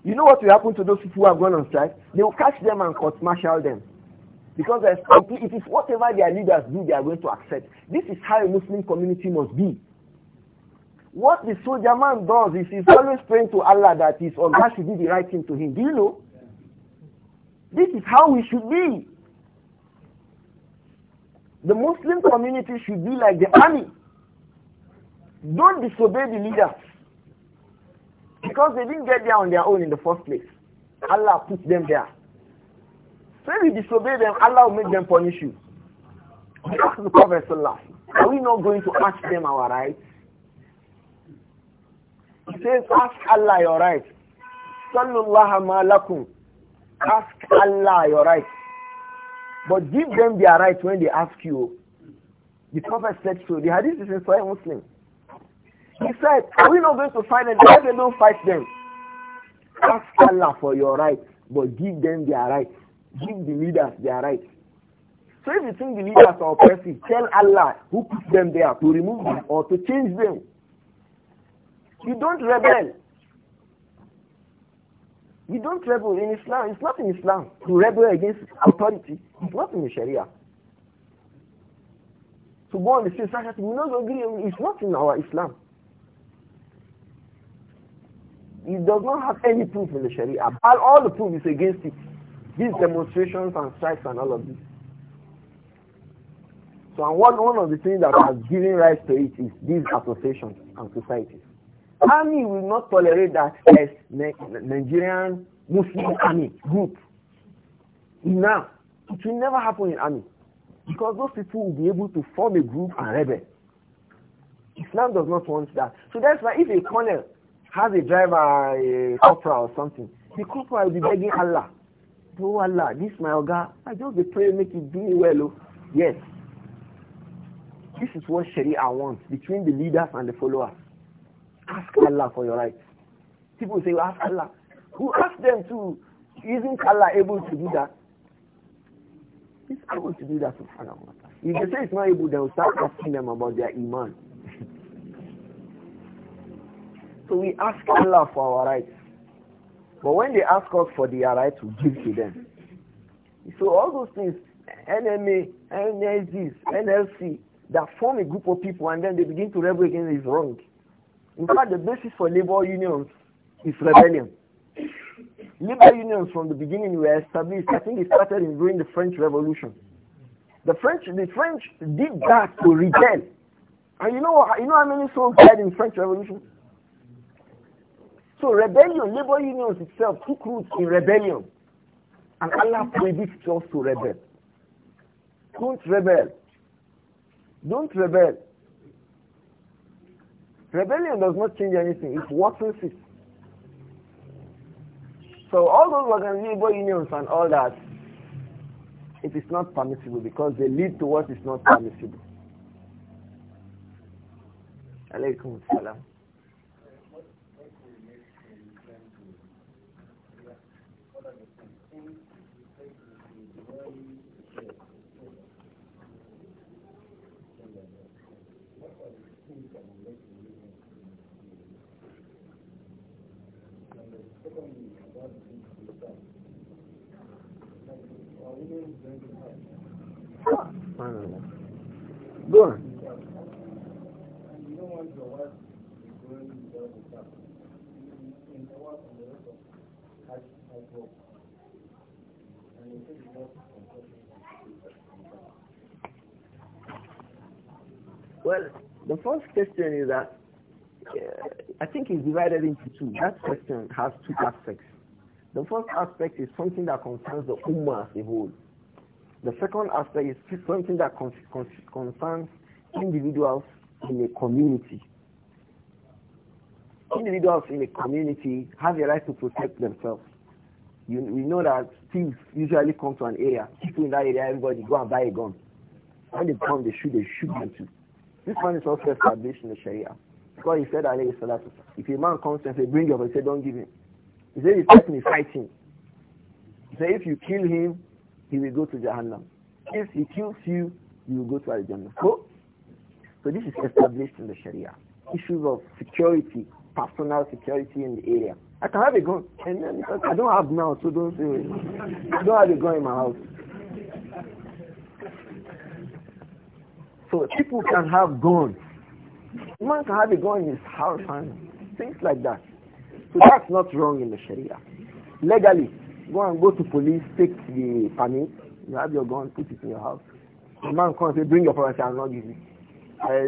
you know what will happen to those people who have gone on strike? They will catch them and court martial them. Because it is whatever their leaders do, they are going to accept. This is how a Muslim community must be. What the soldier man does is he's always praying to Allah that his Allah should be the right thing to him. Do you know? This is how we should be. The Muslim community should be like the army. Don't disobey the leaders. Because they didn't get there on their own in the first place. Allah put them there. So if you disobey them, Allah will make them punish you. Ask the Prophet Sallallahu Are we not going to ask them our rights? He says, ask Allah your rights. Sallallahu malakum. Ask Allah your rights. But give them their rights when they ask you. The Prophet said so. The hadith is in Sahih Muslim. He said, are we not going to fight them? Let not fight them. Ask Allah for your rights, but give them their rights. Give the leaders their rights. So if you think the leaders are oppressive, tell Allah who put them there to remove them or to change them. You don't rebel. You don't rebel in Islam. It's not in Islam to rebel against authority. It's not in the Sharia. To go on the street, we're not agree. It's not in our Islam. It does not have any proof in the Sharia. All the proof is against it. These demonstrations and strikes and all of this. So and one, one of the things that has given rise to it is these associations and societies. Army will not tolerate that as Nigerian Muslim army group. Now, it will never happen in army because those people will be able to form a group and rebel. Islam does not want that. So that's why if a colonel has a driver, a or something, the corporal will be begging Allah. Oh Allah, this my oga, I just be praying, make it do well. Oh. Yes. This is what Sharia wants between the leaders and the followers. Ask Allah for your rights. People say, ask Allah. Who asked them to? Isn't Allah able to do that? He's able to do that, If they say it's not able, they will start asking them about their iman. So we ask Allah for our rights. But when they ask us for their rights, we give to them. So all those things, NMA, NSDs, NLC, that form a group of people and then they begin to rebel against is wrong. In fact, the basis for labor unions is rebellion. labor unions from the beginning were established. I think it started in during the French Revolution. The French, the French did that to rebel. And you know, you know how many souls died in French Revolution? So rebellion, labor unions itself took root in rebellion. And Allah prohibits us to rebel. Don't rebel. Don't rebel. Rebellion does not change anything. It worsens it. So all those organ labor unions and all that, it is not permissible because they lead to what is not permissible. Alaykum salam. Well, the first question is that uh, I think it's divided into two. That question has two aspects. The first aspect is something that concerns the Ummah as a whole the second aspect is something that con con concerns individuals in a community. Individuals in a community have a right to protect themselves. You, we know that thieves usually come to an area. People in that area, everybody go and buy a gun. When they come, they shoot, they shoot them too. This one is also established in the Sharia. Because he said, that if a man comes and say, bring your, he said, don't give him. He said, the person is fighting. He said, if you kill him, he will go to Jahannam. If he kills you, you will go to Al-Jannah. So, so this is established in the Sharia. Issues of security, personal security in the area. I can have a gun. And then, I don't have now, so don't say I don't have a gun in my house. So people can have guns. Man can have a gun in his house and things like that. So that's not wrong in the Sharia. Legally, Go and go to police, take the permit. You have your gun, put it in your house. The man comes and say, bring your parents, i am not give you.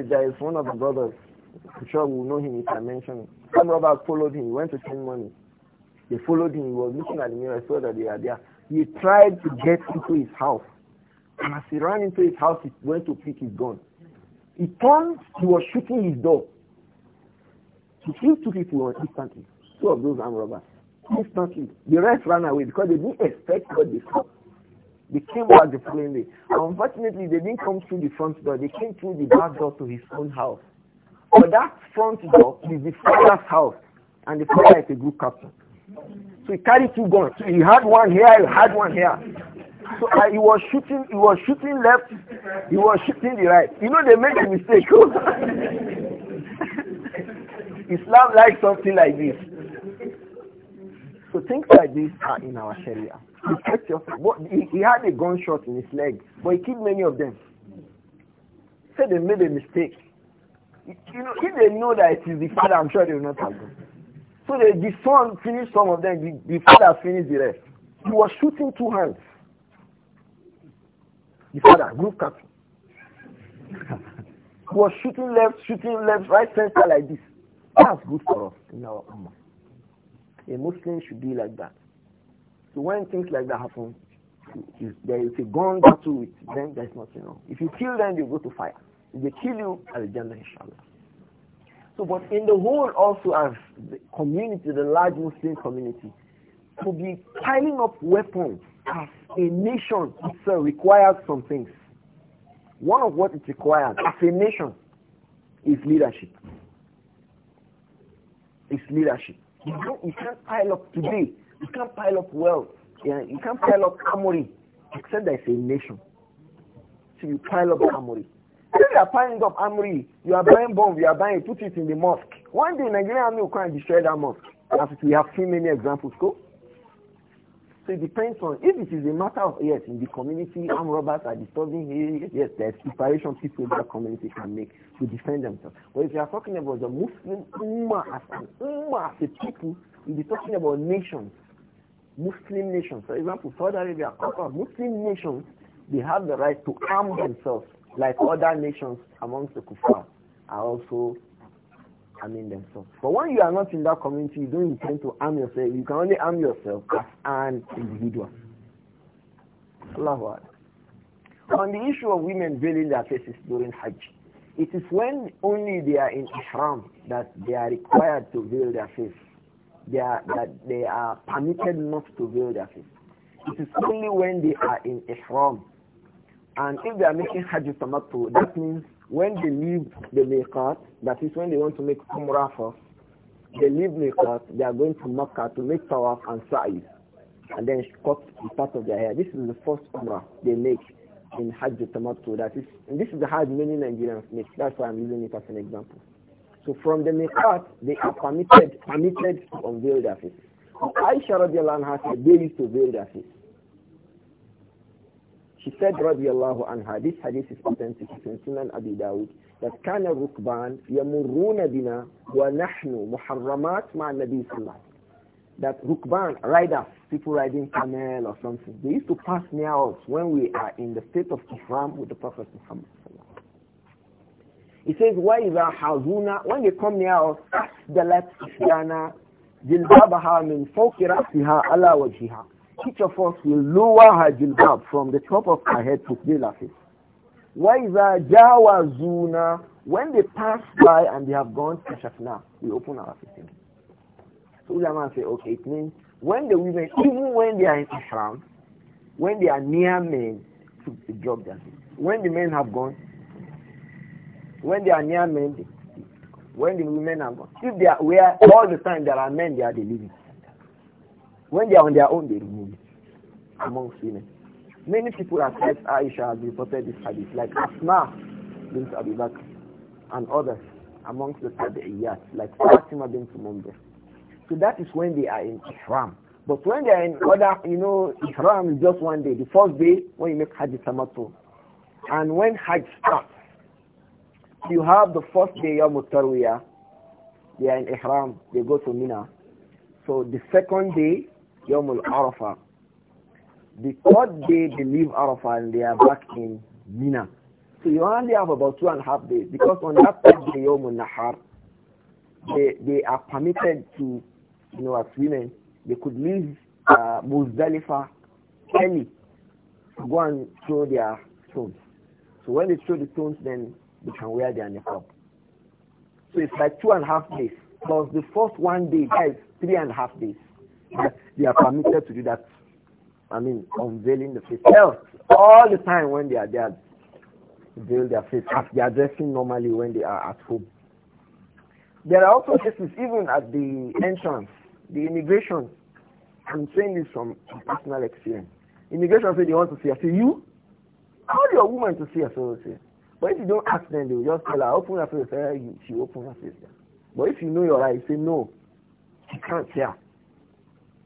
there is one of the brothers, I'm sure we know him if I mention him. Some robbers followed him, he went to send money. They followed him, he was looking at the mirror, saw that they are there. He tried to get into his house. And as he ran into his house, he went to pick his gun. He turned, he was shooting his door. He killed two people instantly, two of those armed robbers. Please The rest ran away because they didn't expect what they saw. They came out the plane. Unfortunately, they didn't come through the front door. They came through the back door to his own house. But that front door is the father's house, and the father is a group captain. So he carried two guns. So he had one here, he had one here. So uh, he was shooting, he was shooting left, he was shooting the right. You know they made a mistake. Islam likes something like this. So things like this are in our Sharia. Protect yourself. He, he had a gunshot in his leg, but he killed many of them. Said they made a mistake. You know, if they know that it is the father, I'm sure they will not have gone. So the, the son finished some of them, the, the father finished the rest. He was shooting two hands. The father, group captain. he was shooting left, shooting left, right, center like this. That's good for us in our a Muslim should be like that. So when things like that happen, if there is a gun battle with them, there's nothing wrong. If you kill them, you go to fire. If they kill you, Al-Jannah, inshallah. So, but in the whole also as the community, the large Muslim community, to be piling up weapons as a nation itself requires some things. One of what it requires as a nation is leadership. It's leadership. You, don't, you can't pile up today. You can't pile up wealth. Yeah, you can't pile up armory except there is a nation. So you pile up armory. If you are piling up armory, you are buying bomb, you are buying, put it in the mosque. One day Nigerian army will come and destroy that mosque. we have seen many examples go it depends on if it is a matter of yes, in the community armed robbers are disturbing here, yes, there's preparation people in that community can make to defend themselves. But if you are talking about the Muslim Ummah as an Ummah as a people, we'll be talking about nations. Muslim nations. For example, Saudi Arabia, Qatar, Muslim nations, they have the right to arm themselves like other nations amongst the kuffar are also arming themselves. But when you are not in that community, you don't intend to arm yourself. You can only arm yourself as an individual. Allahu On the issue of women veiling their faces during Hajj, it is when only they are in Ihram that they are required to veil their face. They are, that they are permitted not to veil their face. It is only when they are in Ihram. And if they are making Hajj Tamattu, that means when they leave the Miqat, that is when they want to make Umrah first, they leave Miqat, they are going to Makkah to make Tawaf and Sa'i, and then cut the part of their hair. This is the first Umrah they make in Hajj Tamattu. That is, this is the Hajj many Nigerians make. That's why I'm using it as an example. So from the Miqat, they are permitted, permitted to unveil their faces. Aisha radiallahu anha said they used to veil their faces. She said, radiallahu anha, this hadith is authentic, it's in Sunan Abi Dawud, that كان الركبان يمرون بنا ونحن محرمات مع النبي صلى الله عليه That rukban, riders, people riding camel or something, they used to pass near us when we are in the state of ihram with the Prophet Muhammad He says, وَإِذَا حَزُونَ When they come near us, أَسْدَلَتْ إِحْيَانَا جِلْبَابَهَا مِنْ فَوْكِ رَأْسِهَا عَلَى وَجْهِهَا each of us will lower her jilbab from the top of her head to the lafis. Why is that? jawazuna? When they pass by and they have gone to shafna, we open our system. So ulama say, okay, it means when the women, even when they are in ihram, when they are near men, to the job. feet. When the men have gone, when they are near men, when the women are gone, if they are where all the time there are men, they are the living. When they are on their own, they remove it amongst women. Many people have said Aisha has reported this hadith, like Asma bint Abu Bakr and others amongst the Tabi'iyat, like Fatima bint Mumdar. So that is when they are in Ihram. But when they are in other, you know, Ihram is just one day. The first day when you make Hajj Samatu. And when Hajj starts, you have the first day Yom Tarwiyah, they are in Ihram, they go to Mina. So the second day, Yom Arafah, the third day they leave Arafah and they are back in Mina. So you only have about two and a half days because on that third day, Yom Nahar, they, they are permitted to, you know, as women, they could leave uh, Muzdalifah early to go and throw their stones. So when they throw the stones, then they can wear their niqab. So it's like two and a half days. Plus the first one day, that is three and a half days they are permitted to do that. I mean, unveiling the face. Else, all the time when they are there, veil their face as they are dressing normally when they are at home. There are also cases even at the entrance, the immigration. I'm saying this from personal experience. Immigration say they want to see us. Say you, how do your woman to see us? Say, but if you don't ask them, they will just tell her open her face. She she open her face. But if you know your right, say no, she can't hear.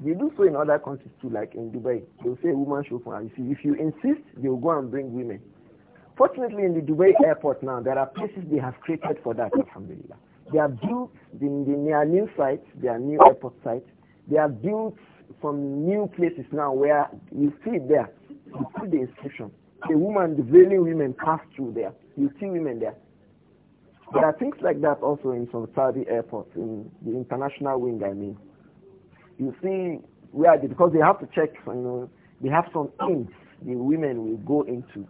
They do so in other countries too, like in Dubai. They'll say woman chauffeur. If you, if you insist, they'll go and bring women. Fortunately, in the Dubai airport now, there are places they have created for that, alhamdulillah. They have built the, the near new sites, their new airport sites. They have built from new places now where you see there, you see the inscription. The woman, the veiling women pass through there. You see women there. There are things like that also in some Saudi airports, in the international wing, I mean. You see where they, because they have to check, you know, they have some inks the women will go into.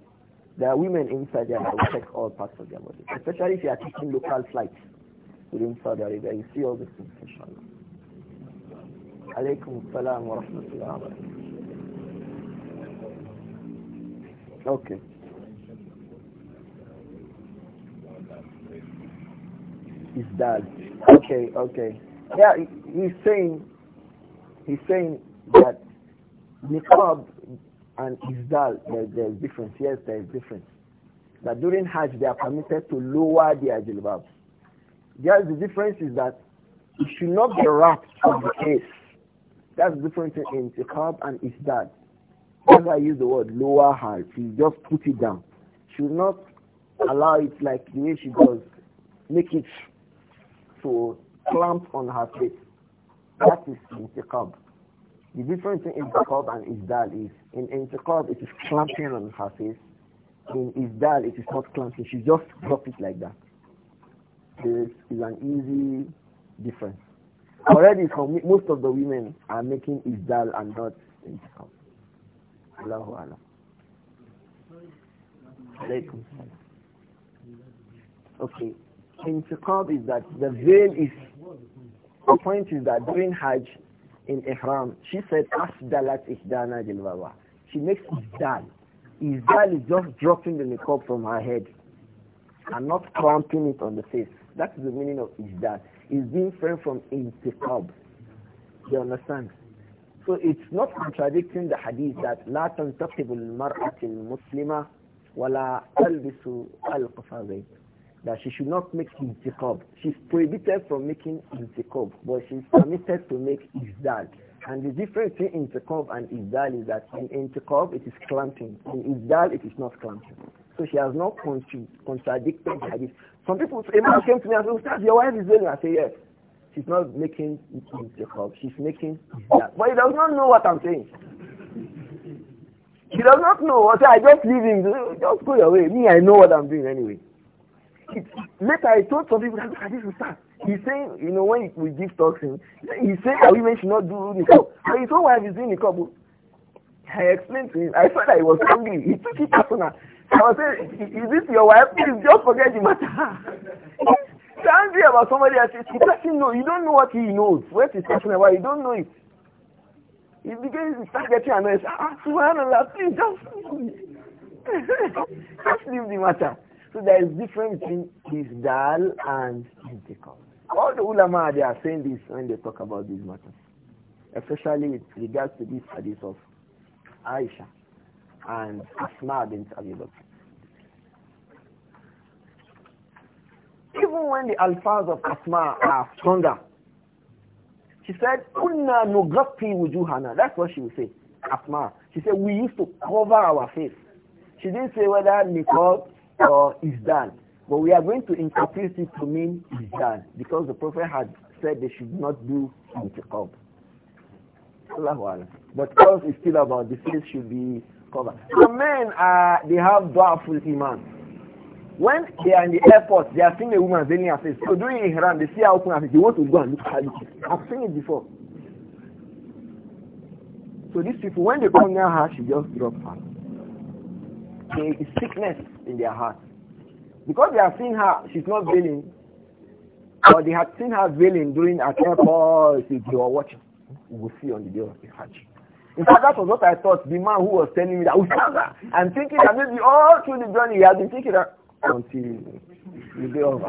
There are women inside there that will check all parts of their body, especially if you are taking local flights within Saudi Arabia. You see all these things, inshallah. Okay. Is that okay? Okay. Yeah, he's saying He's saying that niqab and izdal, there, there's difference. Yes, there is difference. That during Hajj, they are permitted to lower their jilbab. Yes, the difference is that it should not be wrapped on the face. That's the difference in niqab and izdal. When I use the word lower her. She just put it down. Should not allow it like the way she does. Make it to clamp on her face. That is intiqab. The difference in intiqab and isdal is, in intiqab it is clamping on her face. In isdal it is not clamping, she just drops it like that. This is an easy difference. Already from most of the women are making isdal and not intiqab. Allahu Allah. Okay. Intiqab is that the veil is the point is that during Hajj in Ihram, she said, Asdalat Ihdana Jilbaba. She makes Isdal. Isdal is just dropping the niqab from her head and not clamping it on the face. That's the meaning of Isdal. It's different from Intiqab. You understand? So it's not contradicting the hadith that لا تنتقب المرأة المسلمة ولا تلبس القفازين that she should not make intiqab. She's prohibited from making intiqab, but she's permitted to make izdal. And the difference between intiqab and izdal is that in intiqab it is clamping, in izdal it is not clamping. So she has not contradicted the hadith. Some people, a man came to me and said, your wife is doing I say, yes. She's not making intiqab, she's making izdal. But he does not know what I'm saying. He does not know. I say, I just leave him. Just go your way. Me, I know what I'm doing anyway later I told some people that look at this ustaz. He's saying, you know, when we give talks, he he's saying that women should not do niqab. And his own wife is doing couple. I explained to him. I saw that he was angry. He took it personal. I was saying, is this your wife? Please just forget the matter. He's angry about somebody else. He doesn't know. You don't know what he knows. What he's talking about, you don't know it. He begins to start getting annoyed. Ah, subhanallah, please just, just leave the matter. So there is difference between Isdal and Intikam. All the ulama, they are saying this when they talk about these matters, especially with regards to this hadith of Aisha and Asma bint Abi Bakr. Even when the alphas of Asma are stronger, she said, Kunna nugafi wujuhana. That's what she would say, Asma. She said, we used to cover our face. She didn't say whether niqab or is done. But we are going to interpret it to mean is done because the Prophet had said they should not do intiqab. But cause is still about the face should be covered. So men are they have doubtful iman. When they are in the airport, they are seeing a woman veiling her face. So during Iran, they see her open her face. They want to go and look at it. I've seen it before. So these people, when they come near her, she just drops her. There is sickness in their heart. Because they have seen her, she's not veiling. but they have seen her veiling during a temple, if you are watching, we will see on the day of the Hajj. In fact, that was what I thought. The man who was telling me that, Ustaza, I'm thinking that maybe all through the journey he has been thinking that until the day of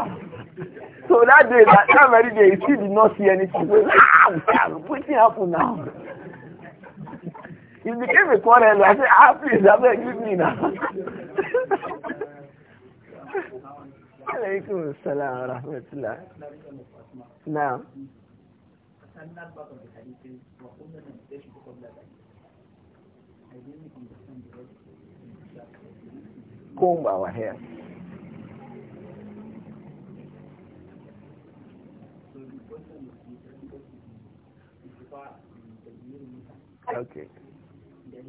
So that day, that, that very day, he still did not see anything. He said, ah, Ustaza, what happened now? it became a quarrel. I said, ah, please, Abeg, give me now. Alaikum salam wa rahmatullah. Now. Comb our hair. Okay.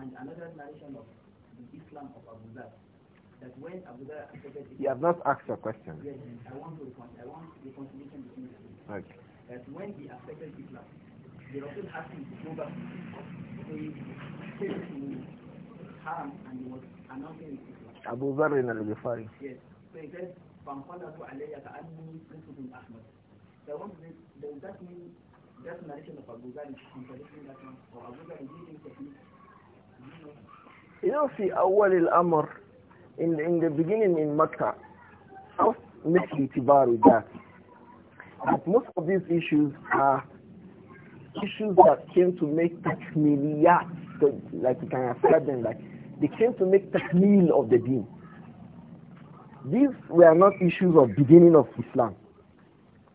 and another narration of the Islam of Abu Dhar. That when Abu Dhar accepted Islam, You have not asked your question. Yes, I want to respond. I want the continuation between the two. Okay. That when he accepted Islam, the Rasul asked him to go back to Haram and he was announcing Islam. Abu Dhar in al-Ghifari. Yes. So he said, فَانْقَلَبُ عَلَيَّ كَأَنِّي كُنْتُ بِنْ أَحْمَدٍ So I want to does that mean that narration of Abu Dhar is contradicting that one? Or Abu Dhar is using technique you know, see, awal al-amr, in, in the beginning in Makkah, how messy Tibar with that. But most of these issues are issues that came to make takmiliyat, so, like you can accept them, like they came to make takmil of the deen. These were not issues of beginning of Islam.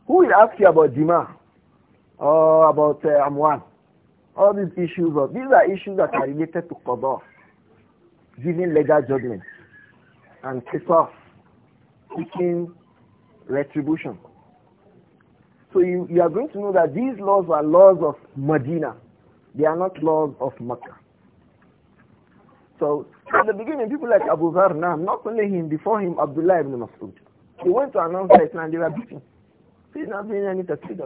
Who will ask you about Dima or about uh, Amwan? All these issues, of, these are issues that are related to qada, giving legal judgment, and qisas, seeking retribution. So you, you are going to know that these laws are laws of Medina. They are not laws of Makkah. So at the beginning, people like Abu Dhar Nam, not only him, before him, Abdullah ibn Mas'ud. He went to announce that Islam, they were beaten. He's not doing any taqsid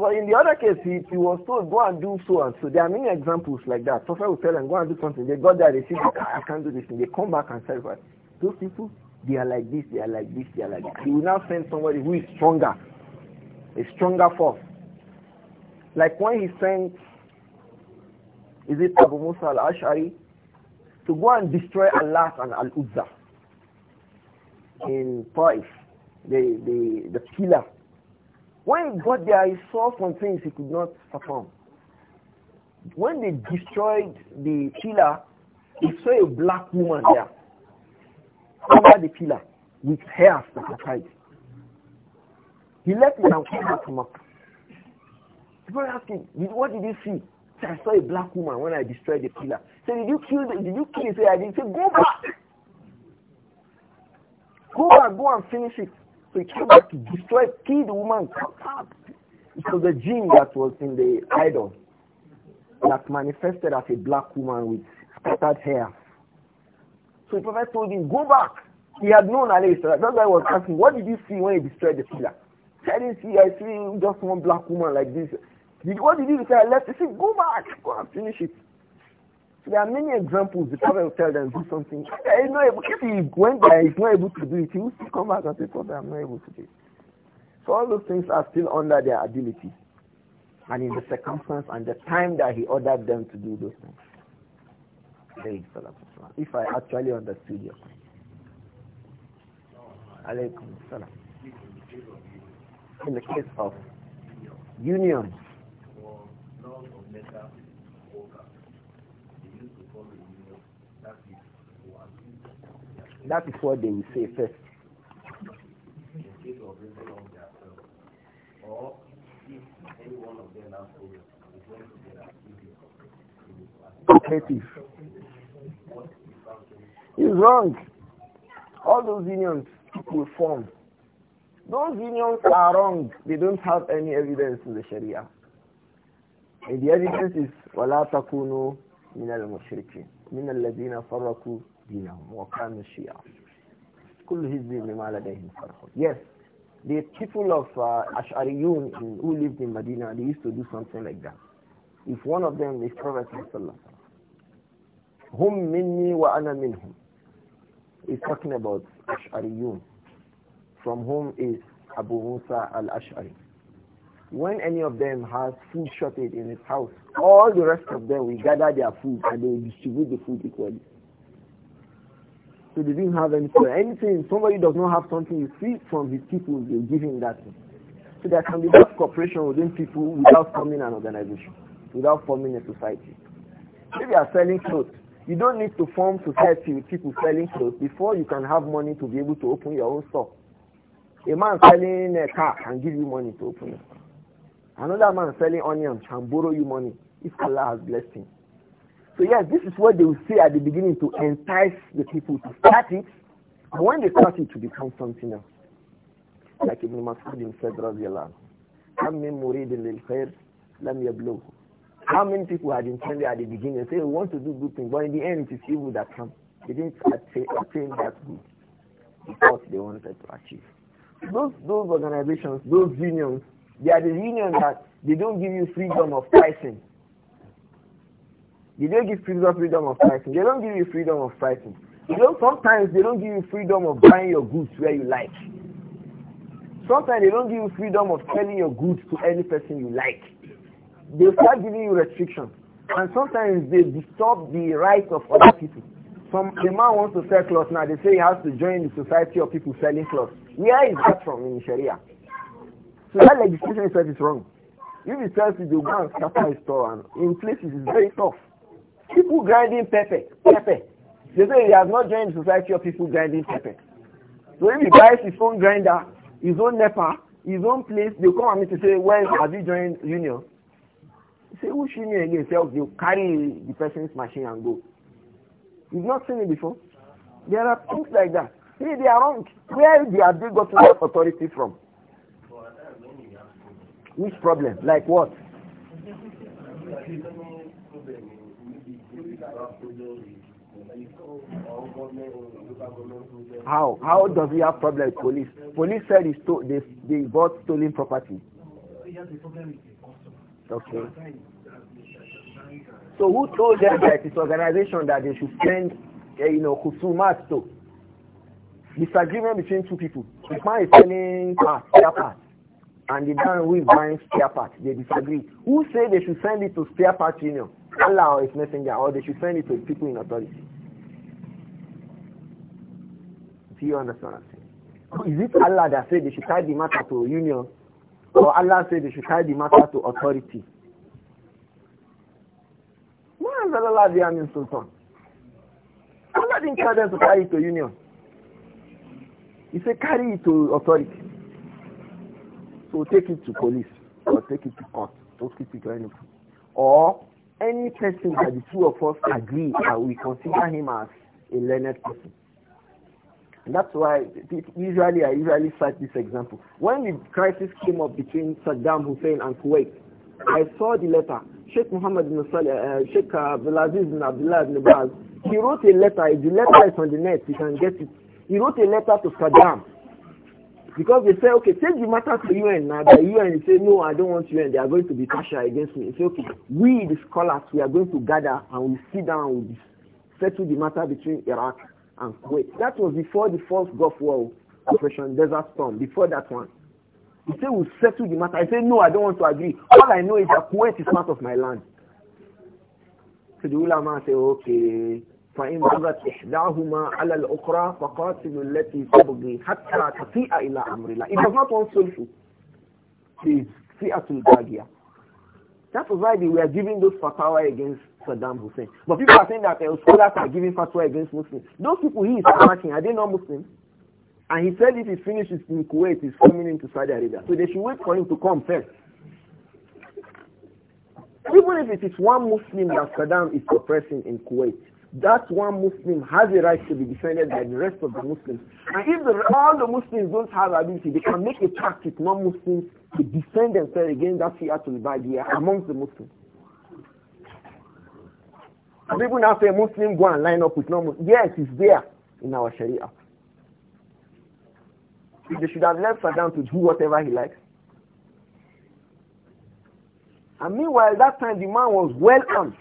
but in the other case, he, he was told, go and do so and so. There are many examples like that. Prophet will tell them, go and do something. They got there, they see, I can't do this thing. They come back and sacrifice. Those people, they are like this, they are like this, they are like this. He will now send somebody who is stronger, a stronger force. Like when he sent, is it Abu Musa al-Ash'ari, to go and destroy Allah and Al-Uzza in Taif, the, the, the pillar when he got there, he saw some things he could not perform. When they destroyed the pillar, he saw a black woman there under the pillar with hairs that were tied. He left it and came back to Makkah. People asked him, what did you see? Said, I saw a black woman when I destroyed the pillar. Said, did you kill the, did you kill it? I didn't say, go back. Go back, go and finish it. So he came back to destroy, kill the woman. So the genie that was in the idol that manifested as a black woman with scattered hair. So the prophet told him, go back. He had known Alayhi That's why I was asking, what did you see when you destroyed the pillar? I didn't see, I see just one black woman like this. Did, what did you say? I left. He said, go back. Go and finish it there are many examples. The prophet will tell them, do something. Yeah, he's not able, if he went there, he's not able to do it, he will still come back and say, prophet, I'm not able to do it. So all those things are still under their ability and in the circumstance and the time that he ordered them to do those things. If I actually understood you, Alaykum In the case of unions, That is what they will say first. Cooperative. It's wrong. All those unions people form. Those unions are wrong. They don't have any evidence in the Sharia. And the evidence is وَلَا تَكُونُوا مِنَ الْمُشْرِكِينَ مِنَ الَّذِينَ فَرَّقُوا كل بما لديهم yes the people of uh, Ash'ariyun who lived in Medina they used to do something like that if one of them is Prophet Sallallahu هم مني وأنا منهم is talking about Ash'ariyun from whom is Abu Musa al-Ash'ari when any of them has food shortage in his house all the rest of them will gather their food and they will distribute the food equally so they didn't have anything. Anything, somebody does not have something, you see from his people, they give him that thing. So there can be that cooperation within people without forming an organization, without forming a society. If you are selling clothes, you don't need to form society with people selling clothes before you can have money to be able to open your own store. A man selling a car can give you money to open it. Another man selling onions can borrow you money if Allah has blessed him. So yes, this is what they will say at the beginning to entice the people to start it. And when they start it, to become something else. Like Ibn Mas'ud said, radiallahu anhu, How many people had intended at the beginning, say, we want to do good things, but in the end, it is evil that comes. They didn't attain, attain that good, what they wanted to achieve. Those, those organizations, those unions, they are the unions that they don't give you freedom of pricing. They don't give you freedom of pricing? They don't give you freedom of pricing. You know, sometimes they don't give you freedom of buying your goods where you like. Sometimes they don't give you freedom of selling your goods to any person you like. They start giving you restrictions. And sometimes they disturb the rights of other people. Some the man wants to sell clothes now, they say he has to join the society of people selling clothes. Where is that from in Sharia? So that legislation itself is wrong. If it tells you to go and scatter his store and in places it's very tough. People grinding pepper, pepper. They say he has not joined the society of people grinding pepper. So if he buys his own grinder, his own NEPA, his own place, they come at me to say, when have you joined union? He say, which union again? Say, they carry the person's machine and go. You've not seen it before? There are things like that. See, they are wrong. Where they have they gotten that authority from? Which problem? Like what? How? How does he have problem with police? Police said he stole, they, they bought stolen property. Okay. So who told them that it's organization that they should send, eh, you know, Kusuma to? Disagreement between two people. If man is selling parts, spare parts, and the man who is buying spare parts. They disagree. Who said they should send it to spare parts union? Allah or His Messenger, or they should send it to people in authority. Do you understand what I'm saying? Is it Allah that said they should tie the matter to union, or Allah said they should tie the matter to authority? Allah didn't tell them to carry it to union. He said carry it to authority. So take it to police, or take it to court, Don't keep it to any Or any person that the two of us agree that we consider him as a learned person. And that's why usually I usually cite this example. When the crisis came up between Saddam Hussein and Kuwait, I saw the letter. Sheikh Mohammed bin Salih, uh, Sheikh Abdulaziz bin Abdullah bin Baz, he wrote a letter. The letter is on the net. You can get it. He wrote a letter to Saddam because they say, okay, take the matter to UN now. The UN say, no, I don't want UN. They are going to be partial against me. Say, okay, we, the scholars, we are going to gather and we sit down and we settle the matter between Iraq and Kuwait. That was before the first Gulf War Operation Desert Storm, before that one. they say we'll settle the matter. I say, no, I don't want to agree. All I know is that Kuwait is part of my land. So the ulama say, okay, فإن بغت إحداهما على الأخرى فقاتل التي تبغي حتى تفيء إلى أمر الله. It does not want sulhu. Please, fi'atul bagiyah. That was why they were giving those fatwa against Saddam Hussein. But people are saying that uh, scholars are giving fatwa against Muslims. Those people he is attacking, are they not Muslims? And he said if he finishes in Kuwait, he's coming into Saudi Arabia. So they should wait for him to come first. Even if it is one Muslim that Saddam is oppressing in Kuwait, that one Muslim has a right to be defended by the rest of the Muslims. And if the, all the Muslims don't have ability, they can make a pact with non-Muslims to defend themselves against that bad badiyah amongst the Muslims. And people now say Muslim go and line up with non-Muslims. Yes, it's there in our Sharia. They should have left Saddam to do whatever he likes. And meanwhile, that time the man was well armed.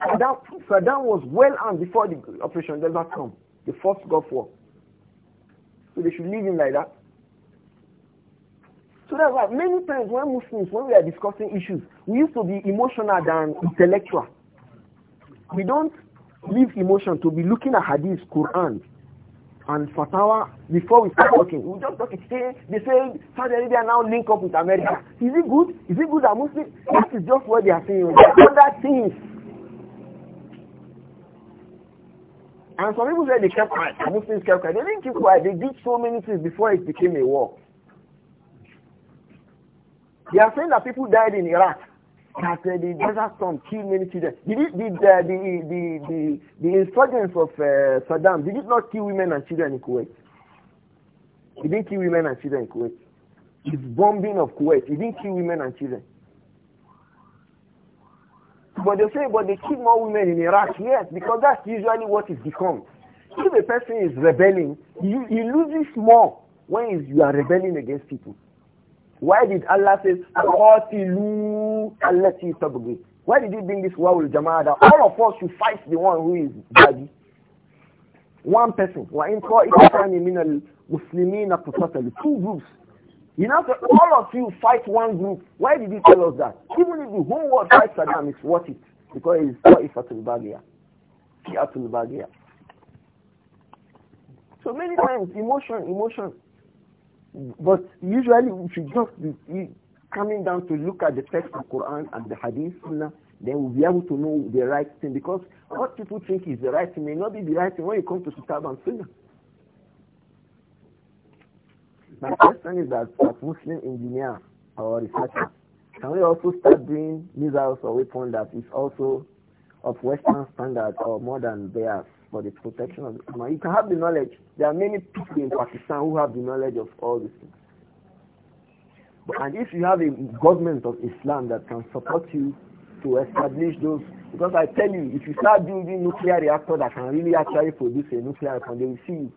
Saddam, Saddam was well armed before the operation does not come, the first Gulf War. So they should leave him like that. So that's why many times when Muslims, when we are discussing issues, we used to be emotional than intellectual. We don't leave emotion to be looking at hadith, Quran, and fatawa before we start talking. We just talk. they say Saudi Arabia now link up with America. Is it good? Is it good that Muslims? That is just what they are saying. They are things And some people said they kept quiet. Muslims kept quiet. They didn't keep quiet. They did so many things before it became a war. They are saying that people died in Iraq. That uh, the desert storm killed many children. Did, it, did uh, the, the, the, the insurgents of uh, Saddam, did it not kill women and children in Kuwait? It didn't kill women and children in Kuwait. It's bombing of Kuwait. It didn't kill women and children. But they say, but they kill more women in Iraq. Yes, because that's usually what it becomes. If a person is rebelling, you, he loses more when you are rebelling against people. Why did Allah say, Qatilu allati tabghit? Why did He bring this war with Jama'ah that all of us should fight the one who is bad? One person. Two groups you know, all of you fight one group. Why did you tell us that? Even if the whole world fights Saddam, it's worth it. Because it's not Ifatul Bagia. ifatul Bagia. So many times, emotion, emotion. But usually we should just be coming down to look at the text of Quran and the Hadith, Sunnah, then we'll be able to know the right thing. Because what people think is the right thing may not be the right thing when you come to Kitab and Sunnah. My question is that as Muslim engineer or researcher, can we also start doing missiles or weapons that is also of Western standard or more than theirs for the protection of the country? You can have the knowledge. There are many people in Pakistan who have the knowledge of all these things. But, and if you have a government of Islam that can support you to establish those, because I tell you, if you start building nuclear reactors that can really actually produce a nuclear weapon, they will see you.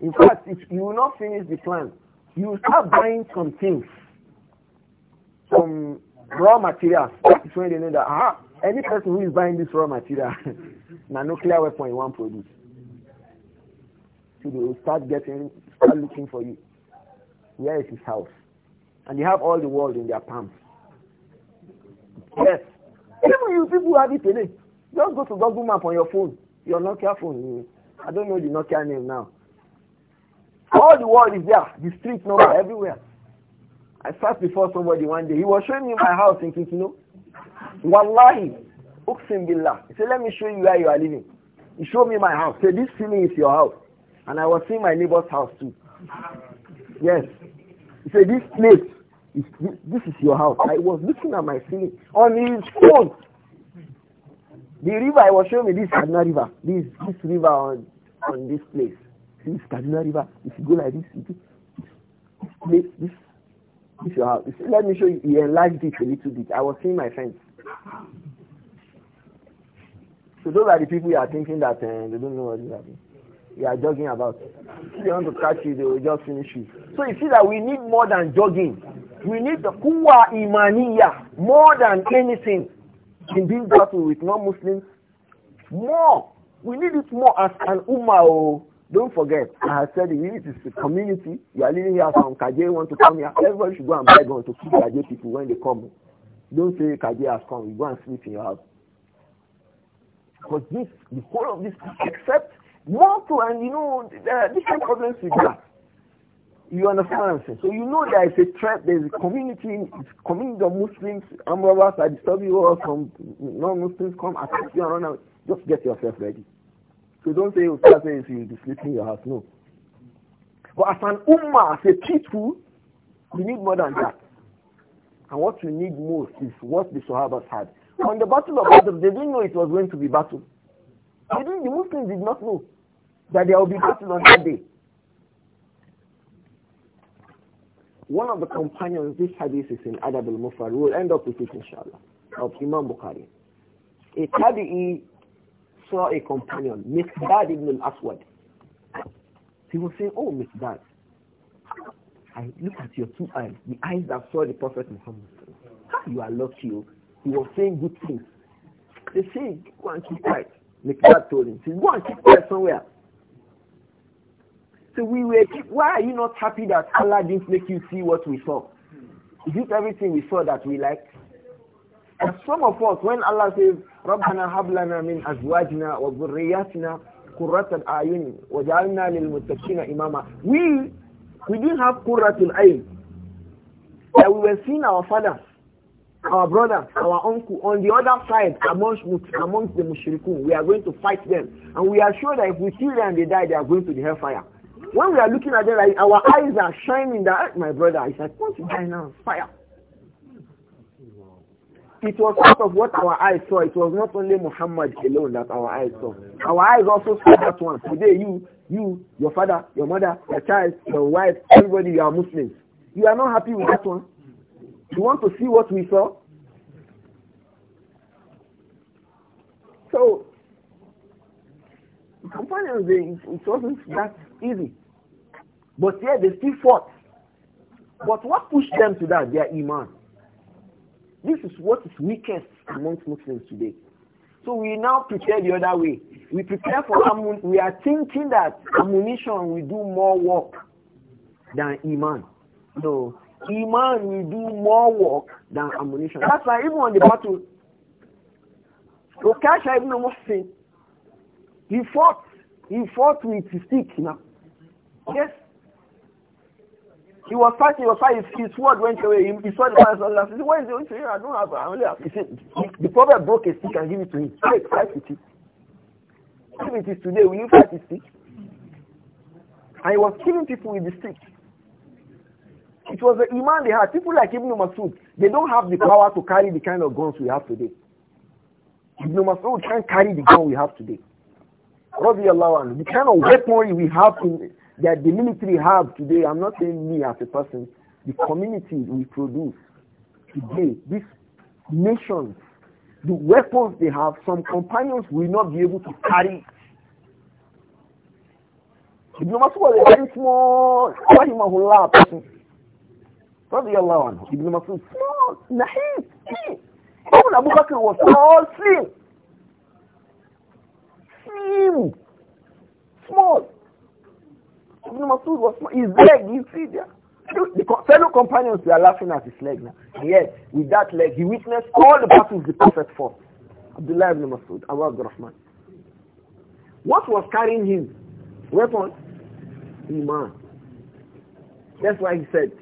In fact, if you will not finish the plan, you will start buying some things, some raw materials. That is when they know that, ah, any person who is buying this raw material, now nuclear weapon you want produce. So they will start getting, start looking for you. Where is his house? And you have all the world in their palms. Yes. Even you people have it today. Just go to Google Map on your phone, your Nokia phone. I don't know the Nokia name now. All the world is there, the street number everywhere. I sat before somebody one day. He was showing me my house in Kikino. Wallahi, Uksim Billah. He said, let me show you where you are living. He showed me my house. He said, this ceiling is your house. And I was seeing my neighbor's house too. Yes. He said, this place, is, this is your house. I was looking at my ceiling on his phone. The river I was showing me, this Adna River, this, this river on, on this place this Kaduna River, if you go like this, it, this this, this your house. let me show you, he enlarged it a little bit. I was seeing my friends. So those are the people you are thinking that uh, they don't know what is happening. You are jogging about. If they want to catch you, they will just finish you. So you see that we need more than jogging. We need the kuwa imaniya more than anything in being battle with non-Muslims. More. We need it more as an ummah. Oh. Don't forget, I have said it is a community. You are living here from Kaje want to come here. Everybody should go and beg on to keep Kaje people when they come. Don't say Kaje has come. You go and sleep in your house. Because this, the whole of this, except to, and you know, there are different problems with that. You understand what I'm saying? So you know there is a threat, there is a community, community of Muslims, Amrawas are disturbing you all from non-Muslims come attack you and run out. Just get yourself ready. So don't say Ustaz oh, says you'll be sleeping in your house. No. But as an ummah, as a people, we need more than that. And what we need most is what the Sahabas had. On the Battle of Badr, they didn't know it was going to be battle. They didn't, the Muslims did not know that there will be battle on that day. One of the companions, this hadith is in Adab al-Mufar, we'll end up with it inshallah, of Imam Bukhari. A tabi'i saw a companion, Misdad ibn al-Aswad. He was saying, oh, Misdad, I look at your two eyes, the eyes that saw the Prophet Muhammad. How you are lucky. Oh. He was saying good things. They say, go and keep quiet. Misdad told him, he said, go and keep quiet somewhere. So we were, why are you not happy that Allah didn't make you see what we saw? Is it everything we saw that we liked? And some of us, when Allah says, ربنا هب لنا من أزواجنا وذرياتنا قرة أعين وجعلنا للمتقين إماما we we didn't have قرة العين that we were seeing our fathers our brothers, our uncle, on the other side amongst amongst the mushrikun, we are going to fight them, and we are sure that if we kill them they die, they are going to the hellfire. When we are looking at them, like, our eyes are shining. That my brother, I said, what's to die now? Fire!" It was part of what our eyes saw. It was not only Muhammad alone that our eyes saw. Our eyes also saw that one. Today, you, you, your father, your mother, your child, your wife, everybody, you are Muslims. You are not happy with that one. You want to see what we saw? So, companions, it wasn't that easy. But yeah, they still fought. But what pushed them to that? Their iman. This is what is weakest amongst Muslims today. So we now prepare the other way. We prepare for ammunition. We are thinking that ammunition will do more work than Iman. No, Iman will do more work than ammunition. That's why even on the battle, the ibn Muhsin, he fought. He fought with his stick. You know? Yes, he was fighting, he was fighting, his, his sword went away. He, he saw the man He said, Where is it? He said, I don't have it. I only have it. He said, The prophet broke a stick and gave it to him. Fight, fight with it. If it is today, will you fight the stick? And he was killing people with the stick. It was the iman they had. People like Ibn Masud, they don't have the power to carry the kind of guns we have today. Ibn Masud can't carry the gun we have today. Radiallahu Allah, the kind of weaponry we have to." that the military have today, I'm not saying me as a person, the community we produce today, these nations, the weapons they have, some companions will not be able to carry. Ibn Masud was a very small, person. Ibn Masud, small, Even Abu Bakr was slim. Slim. Small. Ibn Masud was his leg, you see there. The fellow companions were laughing at his leg now. And yet, with that leg, he witnessed all the battles the Prophet fought. Abdullah ibn Masud, Abu Abdurrahman. What was carrying him? Weapon? Iman. That's why he said,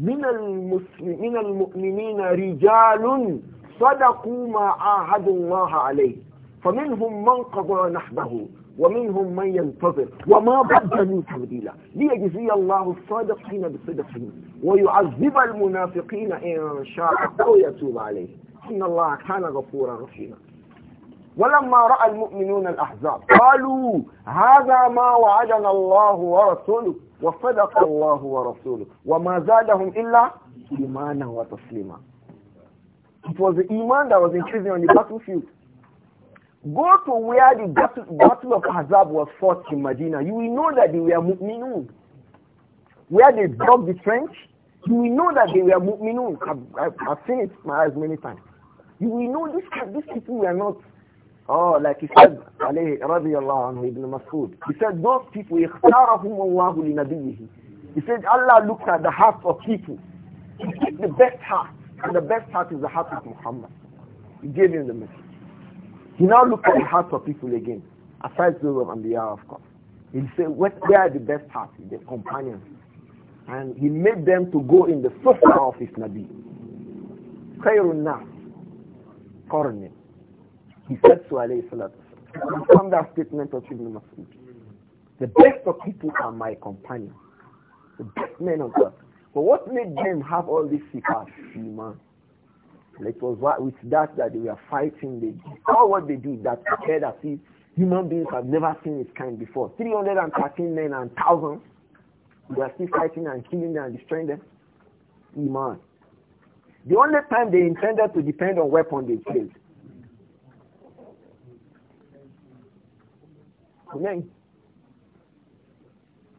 من المسلمين من المؤمنين رجال صدقوا ما عاهدوا الله عليه فمنهم من قضى نحبه ومنهم من ينتظر وما بدلوا تبديلا ليجزي الله الصادقين بصدقهم ويعذب المنافقين إن شاء أو يتوب عليهم إن الله كان غفورا رحيما ولما رأى المؤمنون الأحزاب قالوا هذا ما وعدنا الله ورسوله وصدق الله ورسوله وما زادهم إلا إيمانا وتسليما It was the iman that was increasing on the battlefield Go to where the battle of Hazab was fought in Medina. You will know that they were mu'minun. Where they dug the trench, you will know that they were mu'minun. I've, I've seen it my eyes many times. You will know this, these people were not, oh, like he said, alayhi radiyallahu anhu ibn Masud. He said, those people, اختارهم الله لنبيه. He said, Allah looks at the hearts of people. He took the best heart. And the best heart is the heart of Muhammad. He gave him the message. He now looked at the hearts of people again, aside those of Anbiya, of course. He said, what, where are the best hearts, the companions? And he made them to go in the first sufa of his Nabi. Khairun nas, He said to alayhi salatu From that statement of Ibn Masud, the best of people are my companions, the best men on earth. But what made them have all these secrets, and it was with that that they were fighting. They all what they did that appeared as if human beings have never seen its kind before. 313 men and thousands. They are still fighting and killing them and destroying them. Iman. The only time they intended to depend on weapon they killed. Amen.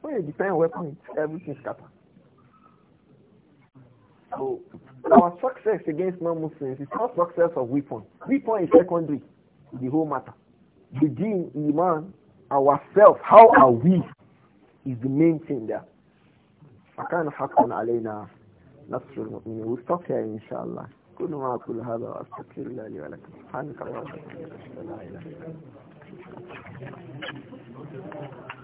When you depend on weapons, everything scatters. So our success against non-Muslims is not success of weapon. Weapon is secondary to the whole matter. The iman, ourselves, how are we, is the main thing there. فكان حقا علينا نصر المؤمنين واستطيع إن شاء الله كل ما أقول هذا وأستغفر الله لي ولكم سبحانك اللهم لا إله إلا أنت